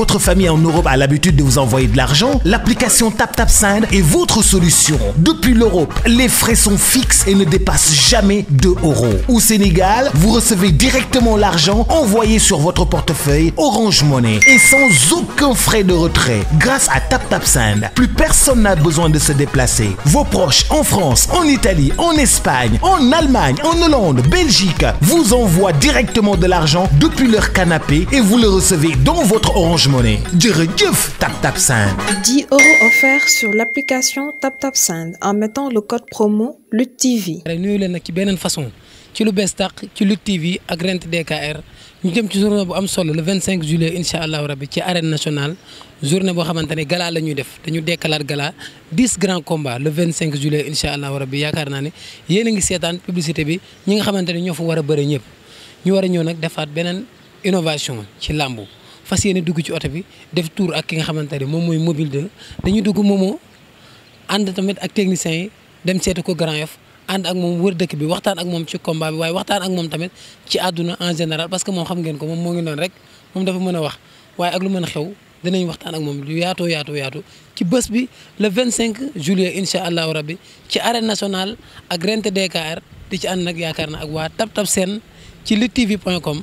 votre famille en Europe a l'habitude de vous envoyer de l'argent, l'application TapTapSend est votre solution. Depuis l'Europe, les frais sont fixes et ne dépassent jamais 2 euros. Au Sénégal, vous recevez directement l'argent envoyé sur votre portefeuille Orange Money et sans aucun frais de retrait. Grâce à TapTapSend, plus personne n'a besoin de se déplacer. Vos proches en France, en Italie, en Espagne, en Allemagne, en Hollande, Belgique vous envoient Money jërëjëf Tap Tap Send. 10 euros offerts sur l'application Tap Tap Send en mettant le code promo Lutte TV. rek nuyu leen nag ci beneen façon ci lu bees tàq ci Lutte TV ak Rent DKR ñu jëm ci journée bu am solo le 25 juillet incha allahu rabi ci arène nationale journée boo xamante ne gala la ñuy def dañu dekkalaat gala 10 grands combats le 25 juillet incha allahu rabi yaakaar naa ne yéen a ngi seetaan publicité bi ñi nga xamante ne ñoo fa war a bëre ñëpp ñu war a ñëw nag defaat beneen innovation ci làmbu. fas yéene dugg ci oto bi def tour ak ki nga xamante ne moom mooy mobile 2 dañuy dugg moomoo ànd tamit ak techniciens yi dem seeti ko Grand Yoff ànd ak moom wër dëkk bi waxtaan ak moom ci combat waaye waxtaan ak moom tamit ci àdduna en général parce que moom xam ngeen ko moom moo ngi noonu rek moom dafa mën a wax waaye ak lu mën a xew dinañ waxtaan ak moom lu yaato yaatoo yaatu ci bés bi le 25 juillet incha allahu rabbi ci arène national ak rente DKR di ci ànd nag yaakaar na ak waa tap tab seen ci luttetv.com.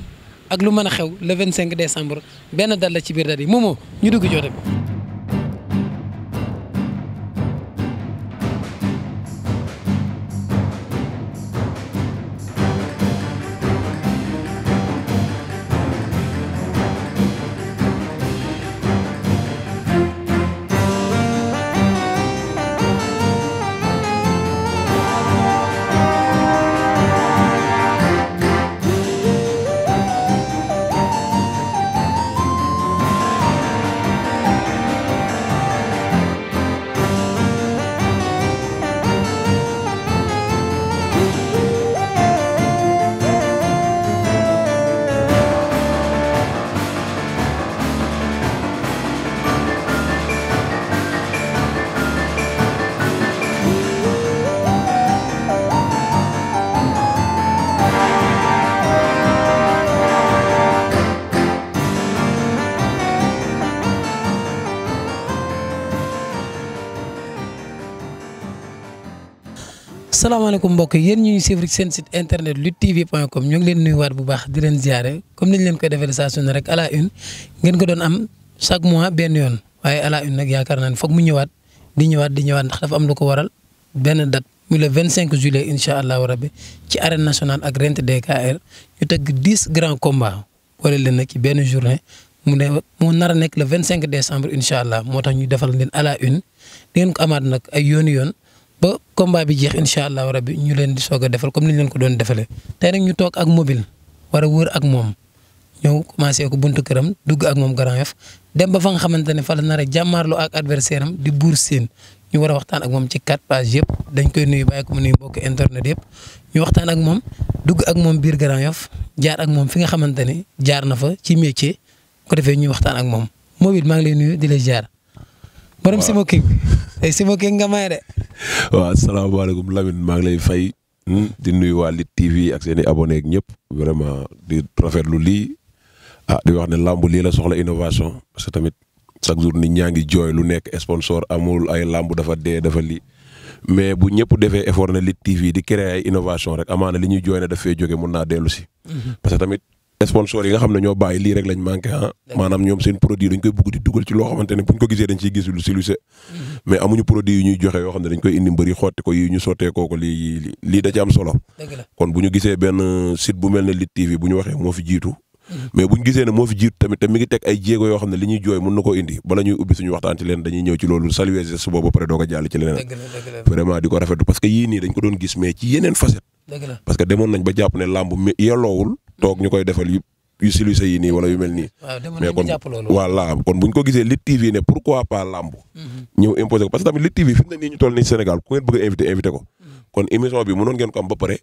ak lu mën a xew le 25 décembre benn dal la ci biir dal yi moomoo ñu dugg joote bi salaamaaleykum mbokk yi yéen ñu ngi suivre seen site internet luttetv.com ñu ngi leen nuyuwaat bu baax di leen ziare comme niñ leen koy defee saa su ne rek à la une ngeen ko doon am chaque mois benn yoon waaye à la une nag yaakaar naa ne foog mu ñëwaat di ñëwaat di ñëwaat ndax dafa am lu ko waral benn date muy le 25 juillet incha allahu rabbi ci arène nationale ak rent DKR ñu tëgg 10 grands combats wala leen nag ci benn journée mu ne mu nar nekk le 25 décembre incha allah moo tax ñu defal leen à la une di ngeen ko amaat nag ay yooni yoon ba combat bi jeex incha allahu rabbi ñu leen di soog a defal comme ni leen ko doon defalee tey rek ñu toog ak mobile war a ak moom ñëw commencé ko buntu këram dugg ak moom Grand dem ba fa nga xamante ne fa la nar a jàmmaarloo ak adversaire am di buur Sine ñu war a waxtaan ak moom ci quatre pages yëpp dañ koy nuyu bàyyi ko mu nuyu bokk internet yëpp ñu waxtaan ak moom dugg ak moom biir Grand Yoff jaar ak moom fi nga xamante ne jaar na fa ci métier ko defee ñuy waxtaan ak moom mobile maa ngi lay nuyu di lay jaar. borom Simo King ay eh, nga may de. waaw asalaamaaleykum Lamine maa ngi lay fay hmm, di nuyu waa Lit TV ak seen i abonné ñëpp vraiment di rafetlu lii a ah, di wax ne lamb lii la soxla innovation parce que tamit chaque jour nit ñaa ngi jooy lu nekk sponsor amul ay làmb dafa dee dafa lii. mais bu ñëpp defee effort na Lit TV di créer ay innovation rek amaana li ñuy jooy ne daf fee jóge mun naa dellu si. Mm-hmm. parce tamit sponsor yi nga xam ne ñoo bàyyi lii rek lañ manqué ah maanaam ñoom seen produit dañ koy bugg dugal ci loo xamante buñ ko gisee dañ mm-hmm. yoo xam ne dañ ko bu ñu gisee benn euh, site bu ñu waxee moo fi jiitu mm-hmm. mais bu ñu gisee ne moo fi jiitu tamit te mi ngi teg ay jéego yoo xam ne li ñuy jooy mën na koo indi a jàll doon gis mais ci yeneen facette parce que demoon nañ ba jàpp ne làmb yelloowul toog ñu koy defal yu yu siluse yi nii wala yu mel ni mais kon voilà kon bu ko gisee Lutte TV ne pourquoi pas lamb. Mhm. ñëw imposé ko parce que tamit Lutte TV fi mu ne nii ñu toll nii Sénégal ku ngeen bëgg a invité invité ko. Mhm. kon émission bi mënoon ngeen ko am ba pare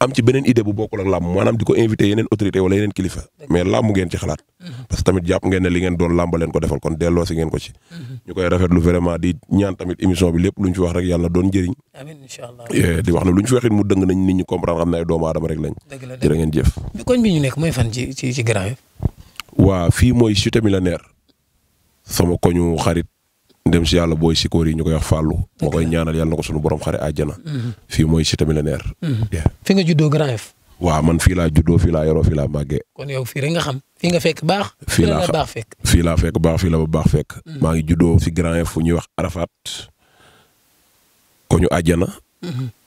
am ci beneen idée bu bokkul ak làmb maanaam di ko invité yeneen autorité wala yeneen kilifa mais làmb ngeen ci xalaat mhm. parce que tamit jàpp ngeen ne li ngeen doon làmb leen ko defal kon delloo si ngeen ko ci mhm. ñu koy rafetlu vraiment di ñaan tamit émission bi lépp lu ñu fi wax rek yàlla doon njëriñ amiin inshallah eh, di wax ne lu ñu fi waxit mu dëng nañ nit ñi comprendre xam ne ay doomu aadama rek lañ jërë ngeen jëf koñ bi ñu nekk mooy fan ci ci ci Grand Yoff waa fii mooy cité millénaire ndem si yàlla booy sikoor yi ñu koy wax fàllu moo koy ñaanal yàlla na ko suñu borom xare àjjana mm-hmm. fii mooy Cité Millionnaire mm-hmm. fi nga juddoo Grand Yoff waaw man fii laa juddoo fii laa yoroo laa màggee kon yow fii rek nga xam fii nga fekk baax fi laa fekk fii laa baax fii la ba baax fekk mm-hmm. maa ngi juddoo fi Grand Yoff fu ñuy wax Arafat ko ñu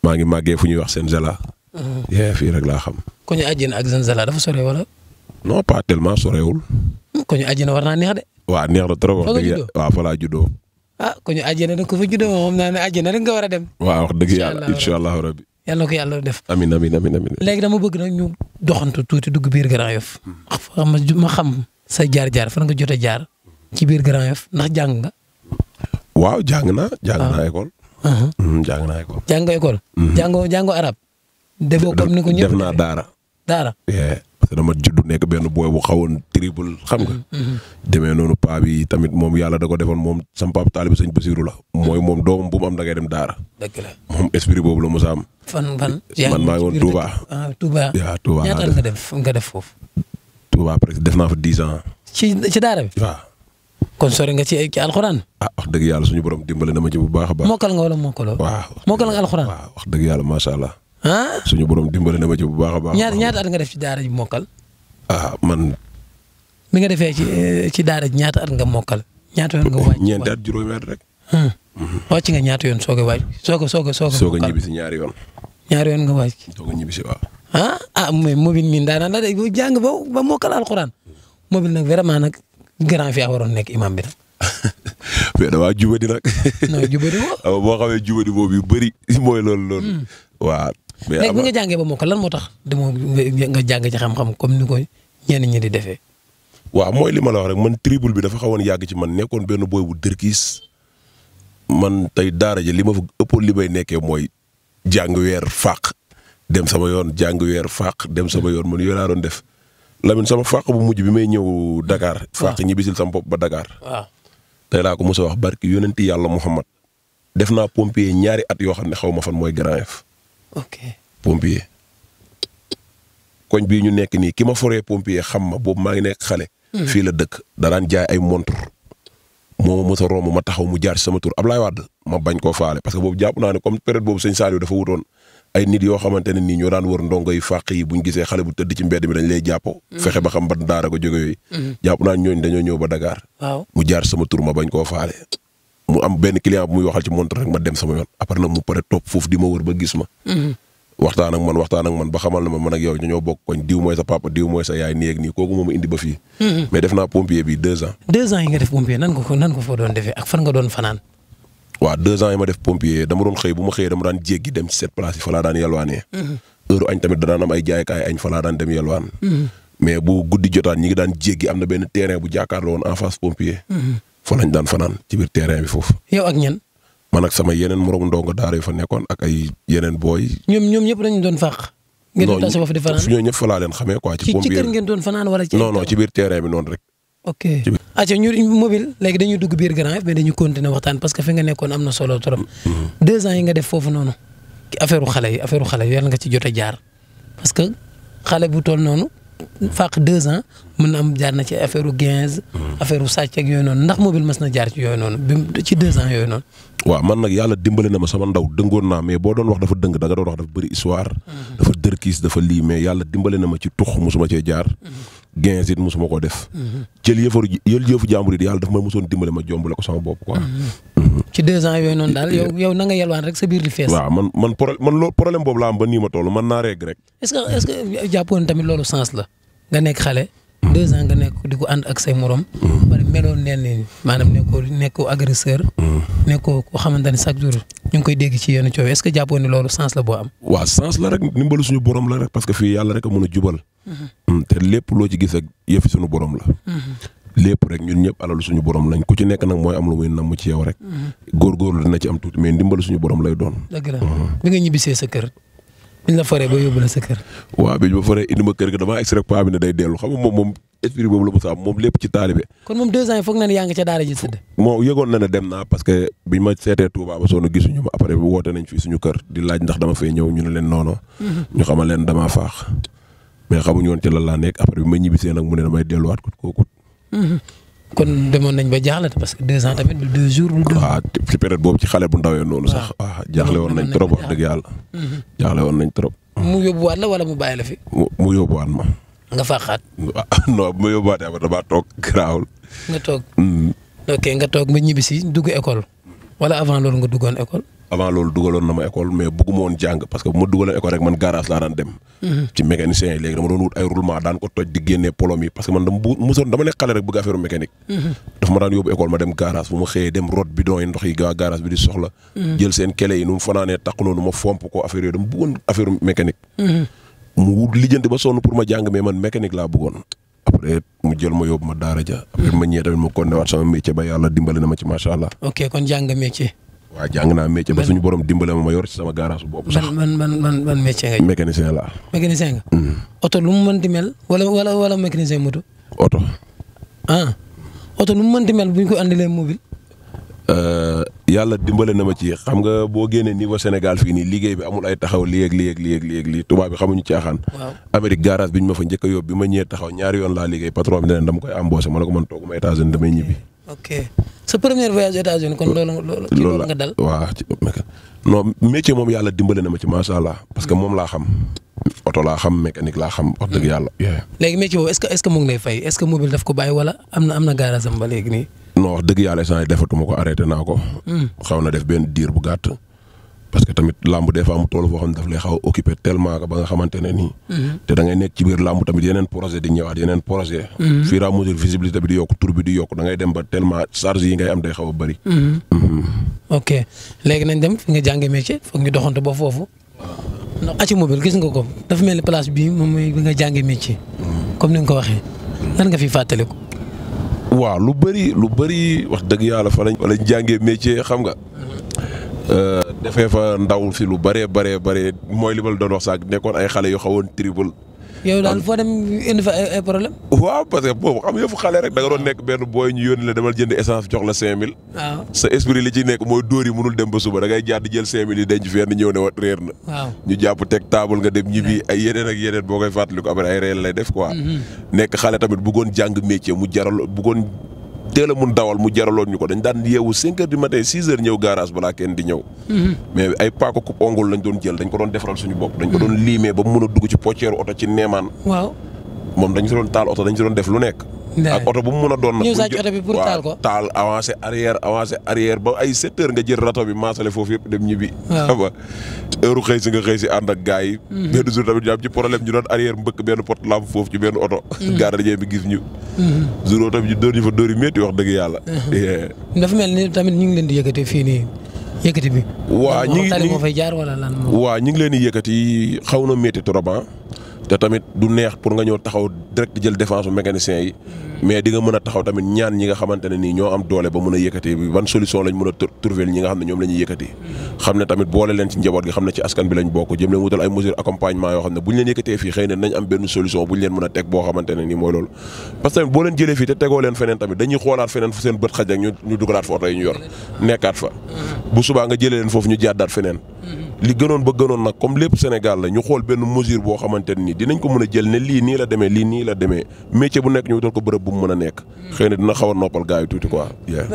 maa ngi màggee fu ñuy wax seen yee fii rek laa xam ko ñu àjjana ak Senzala dafa sore wala non pas tellement sorewul ko ñu war naa neex de waaw neex na trop wax dëgg waaw fa laa juddoo ah ku ñu àjjana nag ku fa juddoo moom naa ne àjjana nga war a dem. waaw wax dëgg yàlla incha allahu rabbi yàlla na ko yàlla def. amiin amiin amiin amiin. léegi dama bëgg nag ñu doxantu Grand Yoff. Hmm. ma xam sa jaar-jaar fan nga jot a jaar. ci biir Grand Yoff ndax jàng nga. waaw jàng na jàng ah. naa école. Uh-huh. Hmm, jàng naa école. jàng nga école. Hmm. jàngoo jàngoo arab. defoo comme ni ko ñëpp def naa daara. daara. parce que dama juddu nekk benn booy bu xawoon tribul xam nga. Mm-hmm. Mm-hmm. demee noonu paa bi tamit moom yàlla da ko defoon moom sam pap taalibu sëñ Basiiru la. mooy moom doomam bu mu am da ngay dem daara. dëgg moom esprit boobu la mos a am. fan fan man maa ngi woon Touba. ah Touba yaa Touba nga def foofu. Touba presque def naa fa dix ans. ci ci daara bi waaw. kon sori nga ci ci alxuraan. ah wax dëgg yàlla suñu borom dimbale na ma bu baax a baax. mokkal nga wala mokkaloo. nga alxuraan. waaw wax dëgg yàlla macha ah suñu borom dimbali na ma ci bu baax a baax. ñaata ñaata nga def ci daara mokkal. Ah, man. bi nga defee ci eh, ci daara ji at nga mokkal ñaata yoon nga wàcc. ñeenti rek. Hmm. Mhm. wàcc nga ñaata yoon soog a soog a soog a soog ñibbi si ñaari yoon. ñaari yoon nga wàcc. soog a ñibbi si waaw. Ah, ah, ba ba mokkal alxuraan mobile nag vraiment nag grand fi a waroon nekk imam bi nag. mais damaa jubadi boo xamee jubadi boobu yu bëri mooy loolu loolu. Hmm. léegi bi nga jàngee ba mokkal lan moo tax demoo nga jàng ci xam-xam comme ni ko ñeen ñi di defee. waaw mooy li ma la wax rek man tribul bi dafa xawoon yàgg ci man nekkoon benn boy bu dërkiis man tey daara ji li ma fa ëppoon li may nekkee mooy jàng weer fàq dem sama yoon jàng weer fàq dem sama yoon man yooyu laa doon def Lamine sama fàq bu mujj bi may ñëw dakaar ah. fàq ñibbisil sama bopp ba dakaar ah. tey laa ko mos a wax barki yonenti yàlla Muhammad def naa pompier ñaari at yoo xam ne xaw ma fan mooy Grand ok pompier. koñ bii ñu nekk nii ki ma foree pompier xam ma boobu maa ngi nekk xale. Hmm. fii la dëkk daraan jaay ay montre moo ma mos a romb ma taxaw mu jaar sama tur Ablaye Wade ma bañ koo faale parce que boobu jàpp naa ne comme période boobu sëñ Saliou dafa wutoon ay nit yoo xamante ne nii ñoo daan war ndongo yi fàq yi buñ gisee xale bu tëdd ci mbedd mi dañ lay jàpp hmm. fexe ba xam ban daara ko jóge yooyu. Hmm. jàpp naa ñooñ dañoo ñëw ba Dakar. waaw mu jaar sama tur ma bañ koo faale. mu am benn client bu muy waxal ci montre rek ma dem sama yoon après nag mu pare topp foofu di ma wër ba gis ma. Mm-hmm. waxtaan ak man waxtaan ak man ba xamal na ma man ak yow ñoo bokk koñ diw mooy sa papa diw mooy sa yaay nii ak nii kooku moom indi ba fii. Mm-hmm. mais def naa pompier bi deux ans. deux ans yi nga def pompier nan ko nan doon defee ak fan nga doon fanaan. waaw deux ans yi ma def pompier dama doon xëy bu ma xëyee dama daan jéggi dem yi mm-hmm. dem yalwaan. mais bu guddi jotaan ñi ngi daan jéggi am na benn terrain bu jàkkaarloo woon en face fa lañ daan fanaan ci biir terrain bi foofu. yow ak ñan. man ak sama yeneen moromu ndongo daara yu fa nekkoon ak ay yeneen booy. ñoom ñoom ñëpp dañu doon fàq. ngeen doon tase foofu di fanaan non ñëpp fa ci ci doon fanaan wala ci. non non ci biir terrain dañuy dugg biir Grand Yoff mais dañu continuer parce que fi nga nekkoon am na solo trop. Mm-hmm. deux ans yi nga def foofu noonu. affaire xale yi affaire xale yi yàlla nga ci jot a jaar parce que xale bu toll noonu fàq deux ans mën na am jaar na ci affaire u Guinz. affaire u sàcc ak yooyu noonu ndax mobile mas na jaar ci yooyu noonu bi ci deux ans yooyu noonu. waaw man nag yàlla dimbali na ma sama ndaw dëngoon naa mais boo doon wax dafa dëng da nga doon wax dafa bëri histoire. Mhm. dafa dërkiis dafa lii mais yàlla dimbali na ma ci tux mosuma cee jaar. Mhm. Guinz it mosuma ko def. Mhm. jël yëfaru jël yëfu jàmbur it yàlla daf ma mosoon dimbali ma jombale ko sama bopp quoi. ci deux ans yooyu noonu daal mm-hmm. yow yow na nga yelwaan rek sa biir di fees. waaw man man boobu laa am ba nii ma toll man naa reeg rek. est-ce que tamit loolu sens la nga nekk xale. Mm-hmm. deux ans nga di ko ànd ak say morom. Mm-hmm. bari meloon nee nañu maanaam nekkoo nekkoo agresseur. nekkoo koo xamante ne chaque jour ñu ngi koy dégg ci yenn coow est-ce que jàppoon ne loolu sens la boo am. waaw sens la rek ndimbalu suñu borom la rek parce que fii yàlla rek a mën a jubal. Mm, te lépp loo ci gis ak yëfi suñu borom la. lépp rek ñun ñëpp alalu suñu borom lañ ku ci nekk nag mooy am lu muy namm ci yow rek. Mm-hmm. góorgóorlu dina ci am tuuti mais ndimbalu suñu borom lay doon. Mm-hmm. bi nga ñibbisee suñu kër di laaj ndax dama fay ñëw ñu leen noonu. Mm-hmm. ñu xamal leen damaa faax mais xamuñu ci lan nekk après bi ma ñibbisee nag mu ne damay delluwaat kooku kon demoon nañ ba jaaxle parce que deux ans tamit du deux jours. du deux waaw ci période boobu ci xale bu ndawee noonu sax. waaw jaaxle woon nañ trop wax dëgg yàlla. Mm-hmm. jaaxle woon nañ trop. mu yóbbuwaat la wala mu bàyyi la fi. mu mu yóbbuwaat ma. nga faaxaat. non bu ma yóbbuwaatee ba damaa toog garaawul. nga toog. Mm. ok nga toog ba ñibbisi dugg école. wala avant loolu nga duggoon école. avant loolu dugaloon na ma école mais bëgguma woon jàng parce que bu ma dugaloon école rek man garage laa daan dem. Mm-hmm. ci mécanicien yi léegi dama doon wut ay roulement daan ko toj di génnee polom parce que man dama dama nekk xale rek bëgg affaire mécanique. Mm-hmm. Mm-hmm. mu wut lijjanti ba sonn pour ma jàng mais man mécanique laa bëggoon. après mu jël ma yóbbu ma daara ja. après ma ñëwee tamit ma continué waat sama métier ba yàlla dimbali na ma ci macha allah. ok kon jàng nga métier. waaw jàng naa métier ba suñu borom dimbale ma ma yor ci sama garage bopp sax. man man man man métier nga. mécanicien la. mécanicien nga. Mm. oto lu mu mën mel wala wala wala mécanicien moto. oto. ah oto lu mu mel bu ko andilee mobile. Euh, yàlla dimbale na ma ci xam nga boo génnee niveau Sénégal fii nii liggéey bi amul ay taxaw li ak lii ak lii ak lii ak lii tubaab bi xamuñu caaxaan. waaw Amérique garage bi ñu ma fa njëkk a yóbbu bi ma ñëwee taxaw ñaari yoon laa liggéey patron bi ne leen dama koy embauché ma damay ñibbi. ok sa voyage États-Unis kon loolu la nga moom yàlla dimbale na ma ci macha allah parce que moom laa xam. oto laa xam mécanique laa xam wax dëgg yàlla. léegi métier boobu est-ce que est-ce que mu ngi lay fay nii non wax dëgg yàlla instant defatuma ko arrêté naa ko. Hmm. xaw na def benn diir bu gàtt. parce que tamit làmb des fois mu toll foo xam ne daf lay xaw a occupé tellement que ba nga xamante ne nii. Hmm. te da ngay nekk ci tamit yeneen projet hmm. da ngay dem ba tellement charge yi ngay am day a bëri. ok léegi nañ dem fi nga jàngee métier foog ñu doxantu ba foofu. ndax aci mobile gis nga ko dafa mel ni place bii moom mooy bi nga jàngee métier. comme ni nga ko waxee. lan nga fi fàttaliku. waaw lu bëri lu bëri wax dëgg yàlla fa lañ fa lañ jàngee métier xam nga. Euh, defee fa ndaw si lu bëree bëree bëri mooy li ma la doon wax sax nekkoon ay xale yu xawoon tribal yow daal foo dem indi fa ay problème waaw parce que boobu xam yëfu xale rek da doon nekk benn booy ñu yónni la demal jënd essence jox la 5000. waaw sa esprit li ci nekk mooy dóor yi dem ba suba da ngay jaar di jël 5000 yi denc fenn ñëw ne wat réer na. ñu jàpp teg taabal nga dem ñibbi ay yeneen ak yeneen boo koy fàttaliku après ay réel lay def quoi. Mhm. nekk xale tamit bëggoon jàng métier mu jaral bëggoon teel mun dawal mu jaraloon ñu ko dañ daan yeewu 5 heures du matin 6 ñëw garage balaa kenn di ñëw. Mhm. mais ay paaka coupe ongle lañ doon jël dañ ko doon defaral suñu bopp. dañ ko doon mhm. liimee ba mu mun a dugg ci pocceeru oto ci neemaan. waaw moom dañ si doon taal oto dañ si doon def lu nekk. ak oto bu mu mun a doon. ñëw sàcc oto bi pour taal rato bi maasale foofu yëpp dem ñibbi. waaw xam si nga xëy si ànd ak gars yi. Mhm. benn jour tamit ñu am ci problème ñu doon arrière mbëkk benn porte lampe mhm. bi gis ñu. Mhm. jour tamit dëgg yàlla. dafa mel ni tamit ñu ngi leen di yëkkati fii nii. yëkkati bi. waa ñu ngi moo fay jaar wala lan ñu ngi leen di yëkkati xaw na métti trop ah. te tamit du neex pour nga ñëw taxaw direct jël défense bu mécanicien yi mm. mais di mën a taxaw tamit ñaan ñi nga xamante ne nii ñoo am doole ba mën a yëkkati ban solution lañ mën a trouver ñi nga xam ne ñoom la ñuy yëkkati mm. xam ne tamit boole leen ci njaboot gi xam ne ci askan bi lañ bokk jëm leen wutal ay mesures accompagnement yoo xam ne bu ñu leen yëkkatee fii xëy na nañ am benn solution bu ñu leen mën a teg boo xamante nii mooy loolu mm. nga jëlee leen ñu jàddaat feneen li gënoon ba gënoon nag comme lépp Sénégal la ñu xool benn mesure boo xamante ne nii dinañ ko mën a jël ne lii nii la deme lii nii la demee métier bu nekk ñu wutal ko bërëb bu mu mën a nekk. xëy na dina xaw a noppal gars yi tuuti quoi.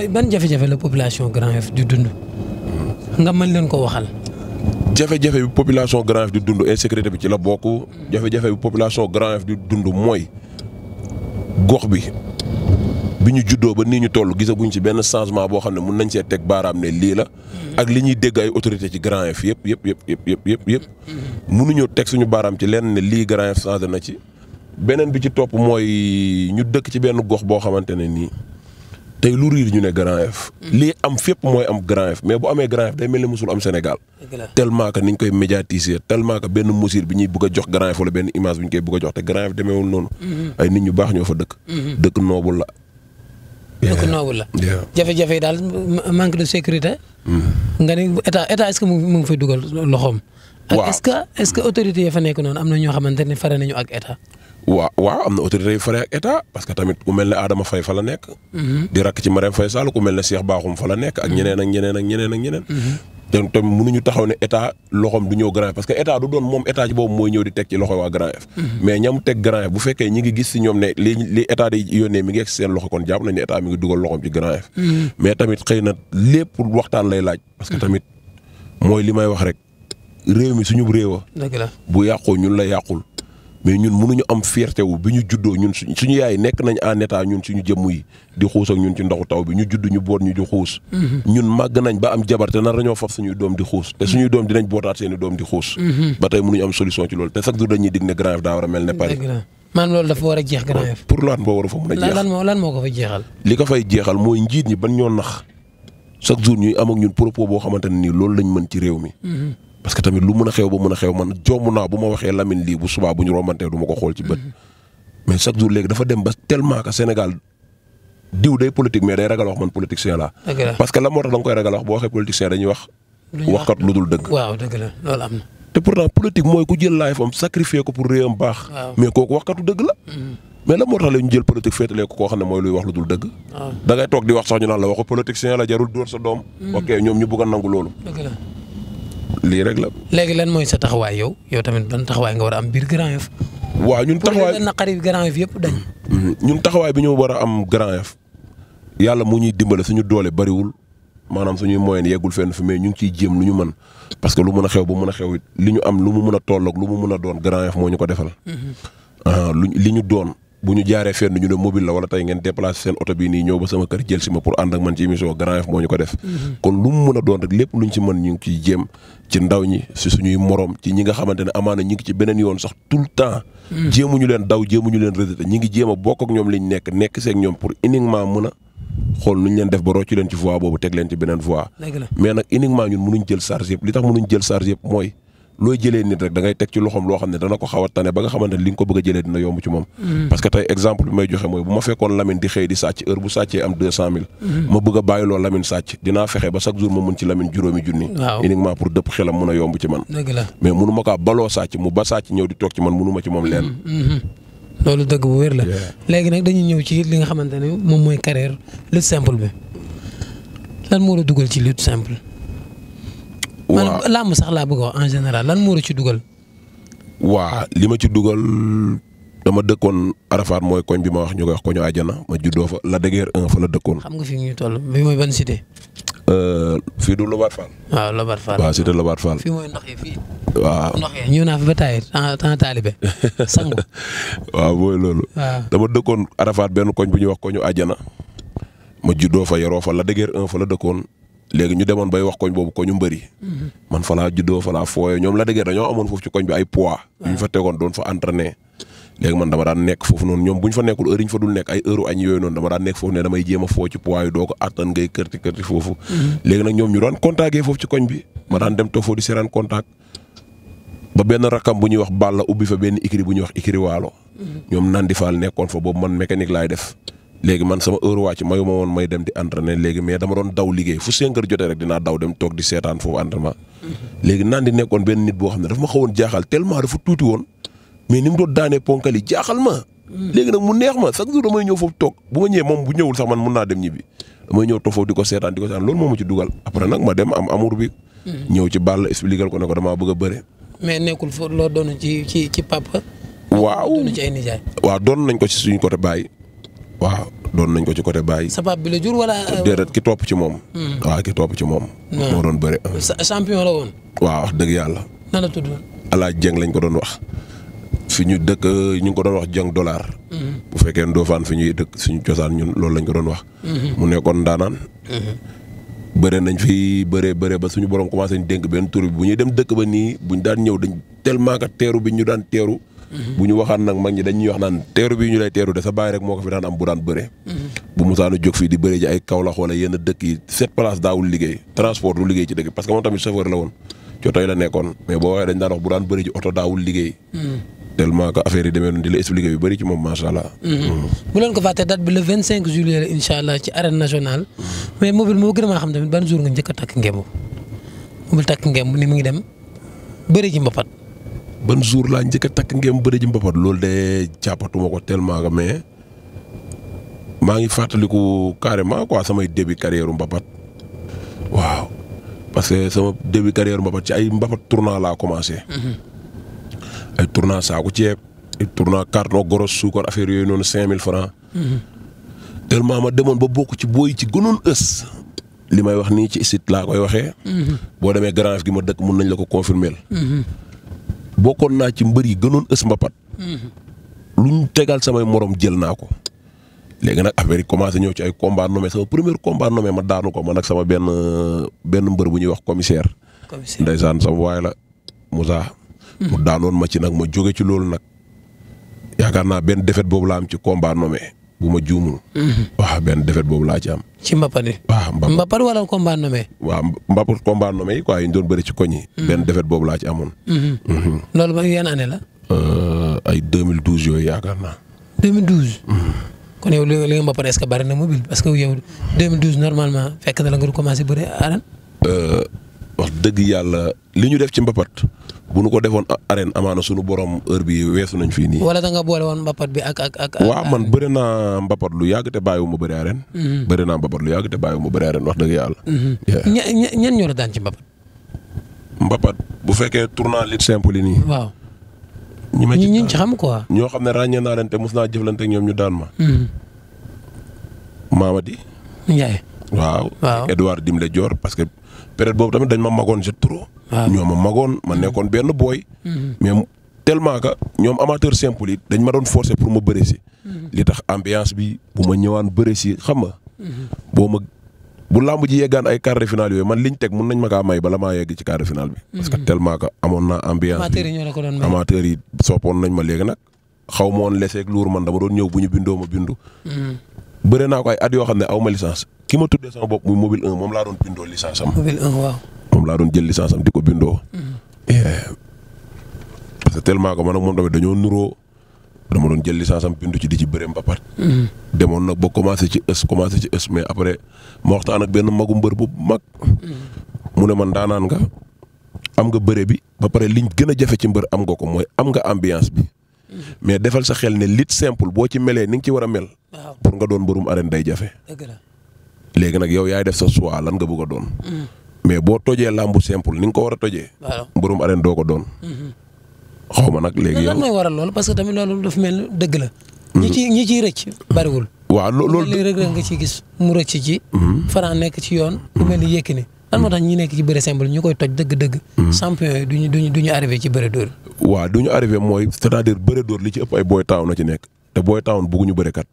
ban jafe-jafe la population Grand Yoff di dund. nga mën leen ko waxal. jafe-jafe bi population Grand Yoff dund insécurité bi ci la bokk. jafe-jafe bi population Grand Yoff di dund mooy gox bi bi ñu juddoo ba nii ñu toll gisaguñ ci benn changement boo xam ne mun nañ see teg baaraam ne lii la. Mm-hmm. ak li ñuy dégg ay autorité ci Grand Yoff yëpp yëpp yëpp yëpp yëpp yëpp yëpp. mënuñoo mm-hmm. teg suñu baaraam ci lenn ne lii Grand Yoff na ci. beneen bi ci topp mooy ñu dëkk ci benn gox boo xamante ne nii tey lu ñu ne Grand Yoff. Mm-hmm. lii am fépp mooy am Grand Yoff mais bu amee Grand Yoff day mel ni mosul am Sénégal. tellement que niñ koy médiatiser tellement que benn musir bi ñuy bëgg jox Grand Yoff wala benn image bi ñu koy bëgg a jox te Grand Yoff demeewul noonu. ay nit ñu baax ñoo fa dëkk. dëkk noobul la. lu ko la. jafe-jafe daal manque de sécurité. Mm. nga ni état état est-ce que mu ngi fay dugal loxoom. waaw est-ce que est-ce que autorité yi fa nekk noonu am na ñoo xamante ne fare nañu ak état. waaw waaw am na autorité yu fare ak état parce que tamit ku mel ne Adama Faye fa la nekk. Mm-hmm. di rakk ci Marème Faye Sall ku mel ne Cheikh Bakhoum fa la nekk mm-hmm. ñeneen ak ñeneen ak ñeneen ak ñeneen. Mm-hmm. donc tamit mënuñu taxaw ne état loxoom du ñëw Grand Yoff parce que état du doon moom état ci boobu mooy ñëw di teg ci loxo waa Grand Yoff mhm. mais ñam teg Grand Yoff bu fekkee ñi ngi gis si ñoom ne li li état day yónnee mi ngi egg seen loxo kon jàpp nañ ne état mi ngi dugal loxoom ci Grand Yoff mhm. mais tamit xëy na lépp waxtaan lay laaj parce que mhm. tamit mooy li may wax rek réew mi suñu réewa bu yàqoo ñun la yàqul mais ñun mënuñu am fierté wu bi ñu juddoo ñun suñu yaay nekk nañ en état ñun suñu jëmm yi di xuus ak ñun ci ndoxu taw bi ñu judd ñu boot ñu di xuus. Mm-hmm. ñun màgg nañ ba am jabar te nar nañoo faf suñuy doom di xuus. te suñuy doom dinañ bootaat seen i doom di xuus. Mm-hmm. ba tey mënuñu am solution ci loolu te chaque jour dañuy dig a mel ne Paris. man loolu dafa war a jeex Grand Yoff. pour lan moo war a fa mën a jeex lan moo lan moo ko fa jeexal. li ko fay jeexal mooy njiit ñi ban ñoo nax chaque jour ñuy am ak ñun propos boo xamante ne nii loolu lañ mën ci réew mi mm-hmm. parce que tamit lu mën a xew ba mën a xew man jomb naa bu ma waxee Lamine lii bu subaa bu ñu romantee du ma ko xool ci bët. mais chaque jour léegi dafa dem ba tellement que Sénégal diw day politique mais day ragal wax man politicien laa. parce que la moo tax da koy ragal wax boo waxee politicien dañuy wax. waxkat lu dëgg. la ko pour réewam baax. mais kooku waxkatu dëgg la. Mm-hmm. mais la moo tax la ñu jël politique féetalee ko koo xam ne mooy luy wax lu dul dëgg. da ngay toog di wax sax ñu naan la waxu politicien la jarul dóor sa doom. Mm-hmm. ok lii rek la. léegi lan mooy sa taxawaay yaw yow tamit ban taxawaay nga war a am biir Grand Yoff. waaw ñun taxawaay pour naqari yëpp dañ. ñun taxawaay bi ñu war a am Grand Yoff yàlla mu ñuy dimbale suñu doolee bariwul maanaam suñuy moyen yeggul fenn fu mais ñu ngi ciy jéem lu ñu mën parce que lu mën a xew bu mën a xew it li ñu am lu mu mën a toll lu mu mën a doon Grand Yoff moo ñu ko defal. Mm-hmm. Ah, li ñu doon bu ñu jaaree fenn ñu ne mobile la wala tey ngeen déplacé seen oto bii nii ñëw ba sama kër jël si ma pour ànd ak man ci émission Grand Yoff moo ñu ko def. Mhm. kon lu mu mën a doon rek lépp luñ ci mën ñu ngi jéem ci ndaw ñi si suñuy morom ci ñi nga xamante ne amaana ñu ngi ci beneen yoon sax tout le temps. Mhm. jéemuñu leen daw jéemuñu leen rejeté ñi ngi jéem a bokk ak ñoom liñ nekk nekk seeg ñoom pour uniquement mën a xool nuñ leen def ba rocci leen ci voie boobu teg leen ci beneen voie. mais nag uniquement ñun mënuñ jël charge yëpp li tax mënuñ jël charge yëpp looy jëlee nit rek dangay teg ci loxoom loo xam ne dana ko xaw a tane ba nga xamante ne li nga ko bëgg a jëlee dina yomb ci moom mm. parce que tey exemple bi may joxe mooy bu ma fekkoon Lamine di xëy di sàcc heure bu sàccee am mm. ma bëgg a bàyyi loo Lamine sàcc dinaa fexe ba chaque jour ma mun ci Lamine juróomi junni uniquement pour dëpp xelam mun a yomb ci man mais munu kaa baloo sàcc mu ba sàcc ñëw di toog ci man munu ci moom leen mm-hmm. mm-hmm. loolu dëgg bu wér la léegi li nga xamante ne moom mooy carrière lutte simple bi moo la ci lutte simple waa làmb sax laa bëgg wax en général lan moo ci dugal. waa li ma ci dugal dama dëkkoon Arafat mooy koñ bi ma wax ñu koy wax koñu àjjana ma juddoo fa la dëgër un fa la dëkkoon. xam nga euh, fii du Lobatt Fall. waaw Lobatt Fall waaw cité fii mooy ndox yi fii. waaw ndox fi ba taay temps taalibe sangu. waaw mooy loolu. dama dëkkoon Arafat benn koñ bi ñuy wax koñu àjjana ma juddoo fa yoroo fa la dëgër fa la dëkkoon. léegi ñu demoon bay wax koñ boobu koñu mbëri. Mm-hmm. man fa laa juddoo fa laa fooyee ñoom la dëggee dañoo amoon foofu ci koñ bi ay poids. yu ñu fa tegoon man dama daan nekk foofu noonu ñoom bu ñu fa nekkul heure yi ñu fa dul nekk ay heure añ yooyu noonu dama daan nekk foofu ne damay jéem a foo ci poids yi doo ko attan ngay kërti kërti foofu. Mm-hmm. léegi nag ñoom ñu doon contacté foofu ci koñ bi. ma daan dem toog foofu di seraan contact. ba benn rakam bu ñuy wax la ubbi fa benn ikiri bu ñuy wax ikiri waalo. Mm-hmm. ñoom Nandi Fall nekkoon fa boobu man mécanique laay def léegi man sama heure wàcc mayu ma woon may dem di entraîner léegi mais dama doon daw liggéey fu cinq heures jotee rek dinaa daw dem toog di seetaan foofu entraînement. léegi naan nekkoon benn nit boo xam ne dafa ma xawoon jaaxal tellement dafa tuuti woon mais ni mu doon daanee ponkal yi jaaxal ma. léegi mu neex ma chaque jour ñëw foofu toog bu ma bu ñëwul sax man mun naa dem ñibbi damay ñëw toog foofu di ko seetaan di ko seetaan loolu moo ma ci dugal après dem am amour bi. ñëw ci Balla ko ne ko damaa bëgg a bëre. mais nekkul foofu loo doon ci ci ci papa. waaw doon ci ay nijaay. waaw doon nañ ko ci suñu côté baay waaw doon nañ ko ci côté Baye. sa pap bi la jur wala. Euh, déedéet ki topp ci moom. Hmm. ki topp ci moom. Hmm. moo doon bëre. champion la woon. waaw wax dëgg yàlla. nan la Alaa Dieng lañ ko doon wax. fi ñu dëkk ñu ngi ko doon wax Dieng dollar. Hmm. bu fekkee Ndofane fi ñuy dëkk suñu cosaan ñun loolu lañ ko doon wax. mu nekkoon daanaan. bëre nañ fi bëree bëree ba suñu borom commencé ñu dénk benn tur bi bu ñuy dem dëkk ba nii buñ daan ñëw dañ tellement que teeru bi ñu daan teeru. bu ñu waxaan nag mag ñi dañuy wax naan teeru bi ñu lay teeru de sa baay rek moo ko fi daan am bu daan bëre. bu musaanu jóg fii di bëre ji ay Kaolack wala yenn dëkk yi sept place daawul liggéey transport du liggéey ci dëkk parce que moom tamit chauffeur la woon cootooy la nekkoon mais boo waxee dañ daan wax bu daan bëre ji oto ci moom macha mais mobile moo gën a xam tamit ban jour nga njëkk a takk ngemb mobile takk ngemb ni mu ngi ban jour laa njëkk a takk ngeen bëri ji mbapat loolu de jàppatuma ko tellement que mais maa ngi fàttaliku carrément quoi samay début carrière mbapat waaw parce que sama début carrière mbapat ci ay mbapat tournant laa commencé. Mm-hmm. ay tournant saako ceeb ay tournant carton goros suukar affaire yooyu noonu cinq mille francs mm-hmm. tellement ma demoon ba bokk ci booy ci gënoon ës. li may wax nii ci site laa koy waxee. Mm-hmm. boo demee Grand Yoff gi ma dëkk mun nañ la ko confirmer bokkoon naa ci mbër yi gënoon ës mbapat. Mm-hmm. lu ñu tegal samay morom jël naa ko. léegi nag affaire yi commencé ñëw ci ay combat nommé sama premier combat nommé ma daanu ko man ak sama benn benn mbër bu ñuy wax commissaire. commissaire ndeysaan sama waaye la Moussa. Mm-hmm. mu daanoon ma ci nag ma jóge ci loolu nag. yaakaar naa benn defet boobu laa am ci combat nommé. bu ma juumul. Mm-hmm. waaw benn defet boobu laa ci am. ci mbapat bi waaw mbapat wala combat nommé. waaw mbapat combat nommé yi quoi yi ñu bëri ci koñ yi. Mm-hmm. benn defet boobu laa ci amoon. Mm-hmm. loolu ba yan année la. Euh, ay 2012 yooyu yaakaar naa. 2012. kon yow li nga mbapat est-ce bari na mobile parce que yow 2012 normalement fekk na la nga commencé bëri arène. Euh, wax dëgg yàlla li ñu def ci mbapat bu nu ko defoon arène amaana sunu borom heure bi weesu nañ fii nii. wala da nga boole woon mbapat bi ak ak ak. waaw man bëri naa mbapat lu yàgg te bàyyiwu ma bëri arène. Mm-hmm. bëri naa mbapat lu yàgg te bàyyiwu ma bëri arène wax dëgg yàlla. Mm-hmm. ña ña ñan ñoo la daan ci mbapat. mbapat bu fekkee tournant lit simple yi nii. waaw. ñi ma ci xam ko ñoo xam ne ràññee naa leen te mos naa jëflante ak ñoom ñu daan ma. Mm-hmm. Mamadi. Ndiaye. waaw Edouard Dimle que. période boobu tamit dañ ma magoon je trop. waaw ñoo ma magoon ma nekkoon benn booy. Mm-hmm. mais tellement que ñoom amateur simple yi dañ ma doon forcer pour ma bëre si. Mm-hmm. li tax ambiance bi bu ma ñëwaan bëre si xam nga. Mm-hmm. boo ma bu làmb ji yeggaan ay quart de finale yooyu man liñ teg mun nañ ma kaa may bala maa yegg ci quart de finale bi. parce que tellement que amoon naa ambiance. amateur yi soppoon nañ ma léegi nag. xaw ma woon leseeg luur man dama doon ñëw bu ñu bindoo ma bindu. bëre naa yoo xam ne aw ma ki ma tuddee sama bopp muy mobile 1 moom laa doon bindoo licence am. mobile moom laa doon jël licence am di ko bindoo. Mm. Eh, parce que tellement que man ak moom tamit dañoo nuroo dama doon jël licence am bindu ci di ci bëreem ba pat. Mm. demoon nag ba commencé ci ës commencé ci ës mais après ma waxtaan ak benn magu mbër bu mag. Mm. mu ne man daanaan nga am nga bëre bi ba pare liñ gën a jafe ci mbër am nga ko mooy am nga ambiance bi. mais defal sa xel ne lit simple boo ci melee ni nga ci war a mel. pour nga doon mbërum arène day jafe. léegi nag yow yaay def sa choix lan nga bëgg a doon. mais boo tojee làmbu simple ni nga ko war a tojee. waaw mbërum arène doo ko doon. Mhm. xaw ma nag léegi yow lan mooy waral parce que tamit loolu dafa mel dëgg la. ñi ciy ñi ciy bariwul. waaw loolu léegi rek nga ciy gis mu rëcc ci. Mhm. Franc nekk ci yoon. lu mel ni Yékini lan moo tax nekk ci bëre simple ñu koy toj dëgg-dëgg. Mhm. champion yi duñu duñu duñu arrivé ci bëre dóor. waaw duñu arrivé mooy c'est-à-dire bëre li ci ëpp ay booy town na ci nekk te booy town bugguñu bëre kat.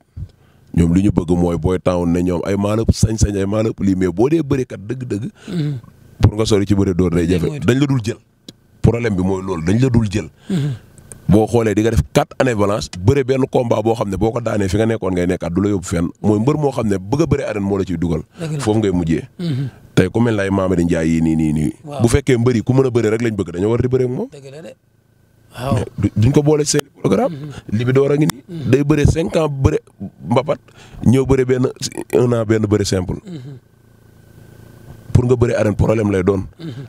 ñoom li ñu bëgg mooy booy taw ne ñoom ay maanaam sañ-sañ ay maanaam lii mais boo dee bëri kat dëgg-dëgg. Mm-hmm. pour nga sori ci bëri door day jafe. dañ la dul jël mm-hmm. boo xoolee di nga def quatre années balance benn combat boo xam ne boo ko daanee fi nga nekkoon ngay nekkaat du la yóbbu fenn mooy mbër moo xam ne bëgg a bëre moo la ciy dugal. foofu ngay mujjee. Mm-hmm. tey ku mel ne ay Mamadou Ndiaye yii bu fekkee mbër yi ku mën a rek lañ bëgg dañoo ko boole seen programme. Mm-hmm. Libidoor a ngi nii. Mm-hmm. day bëre cinq ans bëre mbapat ñëw bëre benn un an benn bëre simple. Mm-hmm. pour nga bëri arène problème lay doon.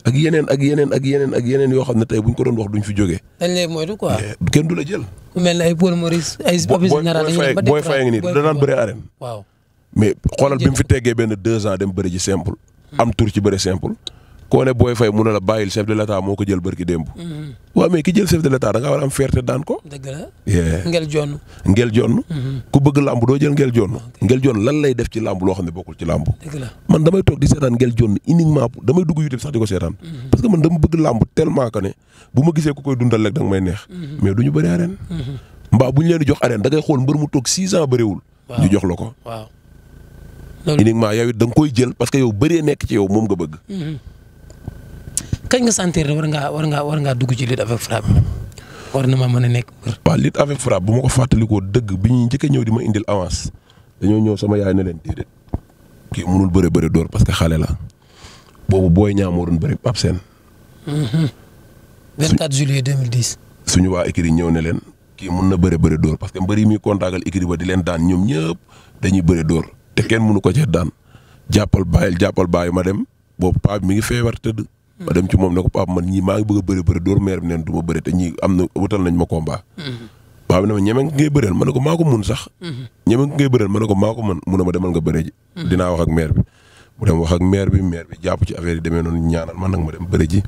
ak yeneen ak yeneen ak yeneen ak yeneen yoo xam ne tey bu ñu ko doon wax duñ fi jógee. dañ lay moytu quoi. kenn du la jël. ku mel ne ay Paul Maurice ay. booy booy fay ngi nii da daan bëri arène. mais xoolal bi mu fi teggee benn deux ans dem bëri ji simple. am tour ci bëri simple. koo ne Boy Faye mu ne la bàyyil chef de l'état moo ko jël barki démb. Mm-hmm. waaw mais ki jël chef de l'état da nga war am fierté daan ko. dëgg la ngel jonn mm-hmm. ku bëgg làmb doo jël ngel jonn ah, ngel jonn lan lay def ci làmb loo xam ne bokkul ci làmb. man damay toog di seetaan ngel jonn uniquement damay dugg YouTube sax di ko seetaan. Mm-hmm. parce que man dama bëgg làmb tellement que ne bu ma gisee ku koy dundal rek da xool mbër mu toog 6 ans bëriwul. ñu jox la ko. uniquement yow it da nga koy jël kañ nga sentir war ngaa war ngaa war ngaa dugg ci lutte avec frappe war na a nekk. waaw lutte avec frappe bu ma ko fàttalikoo dëgg bu ñuy njëkk a ñëw di ma indil avance dañoo ñëw sama yaay na leen déedéet kii mënul bëre bëre dóor parce que xale la boobu booy ñaam moo doon bëri Pape Sène. 24 mm-hmm. juillet 2010. suñu waa écurie ñëw ne leen kii mun na bëre bëre dóor parce que mbëri yi muy kontaagal écurie ba di leen daan ñoom ñëpp dañuy bëre dóor te kenn mënu ko cee daan jàppal bàyyil jàppal bàyyi ma dem boobu paa bi ngi feebar tëdd ma dem ci moom ne ko papa man ñii maa ngi bëgg a bëri bëri dóor meer bi neen du ma bëri te ñii am na wutal nañ ma combat. Mm-hmm. paa na ne ma ñeme ngay bëreel ma ne ko maa ko mun sax. Mm-hmm. ñeme ngay bëreel ma ne ko maa ko mun a ma demal nga bëre ji. Mm-hmm. dinaa wax ak meer bi mu dem wax ak meer bi meer bi jàpp ci affaire demee noonu ñaanal man nag ma dem bëre ji.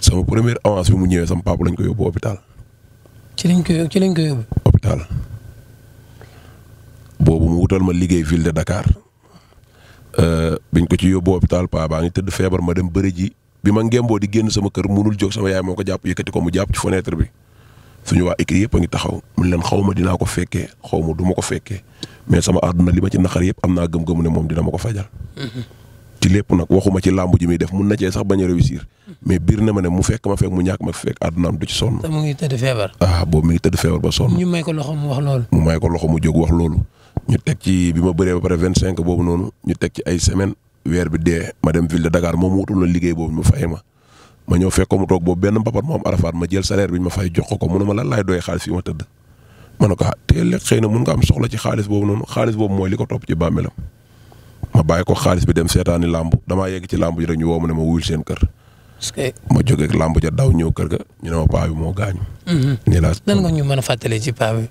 sama première avance bi mu ñëwee sama papa lañ ko yóbbu hôpital. ci lañ ko ci lañ ko boobu mu wutal ma liggéey ville de Dakar euh, biñ ko ci yóbbu hôpital paa baa ngi tëdd feebar ma dem bëre ji bi ma ngemboo di génn sama kër munul jóg sama yaay moo ko jàpp yëkkati ko mu jàpp ci fenêtre bi suñu waa écrit yëpp a ngi taxaw mun leen xaw ma dinaa ko fekkee xaw ma du ma ko mais sama àdduna li ma ci yëpp am naa gëm moom dina ko fajal. Mm-hmm. ci lépp nag ci làmb ji muy def mun na cee sax bañ a mais biir ma ne mu fekk ma fekk mu ñàkk ma fekk àddunaam du ci sonn. te mu ngi tëdd feebar. ah boobu mi ba sonn. ñu may ko loxo mu wax loolu. mu wax loolu. ñu teg ci bi ma bëree ba pare vingt cinq boobu noonu ñu teg ci ay semaine weer bi dee ma dem ville de Dakar moom mu wutul la liggéey boobu mu fay ma. ma ñëw fekk ko mu toog boobu benn mbapat moom Arafat ma jël salaire bi ñu ma fay jox ko mu ne ma lan laay doy xaalis fi ah, xëy na mun nga am soxla ci xaalis boobu noonu xaalis boobu mooy li ko topp ci bàmmeelam ma bàyyi ko xaalis bi dem seetaani làmb damaa yegg ci làmb ji rek ñu woo ma ne ma wuyul seen kër. ma jógee ak làmb ja daw ñëw kër ga ñu ne ma paa bi moo gaañu. Mm-hmm. nii laa lan nga ñu man a fàttalee ci paa bi.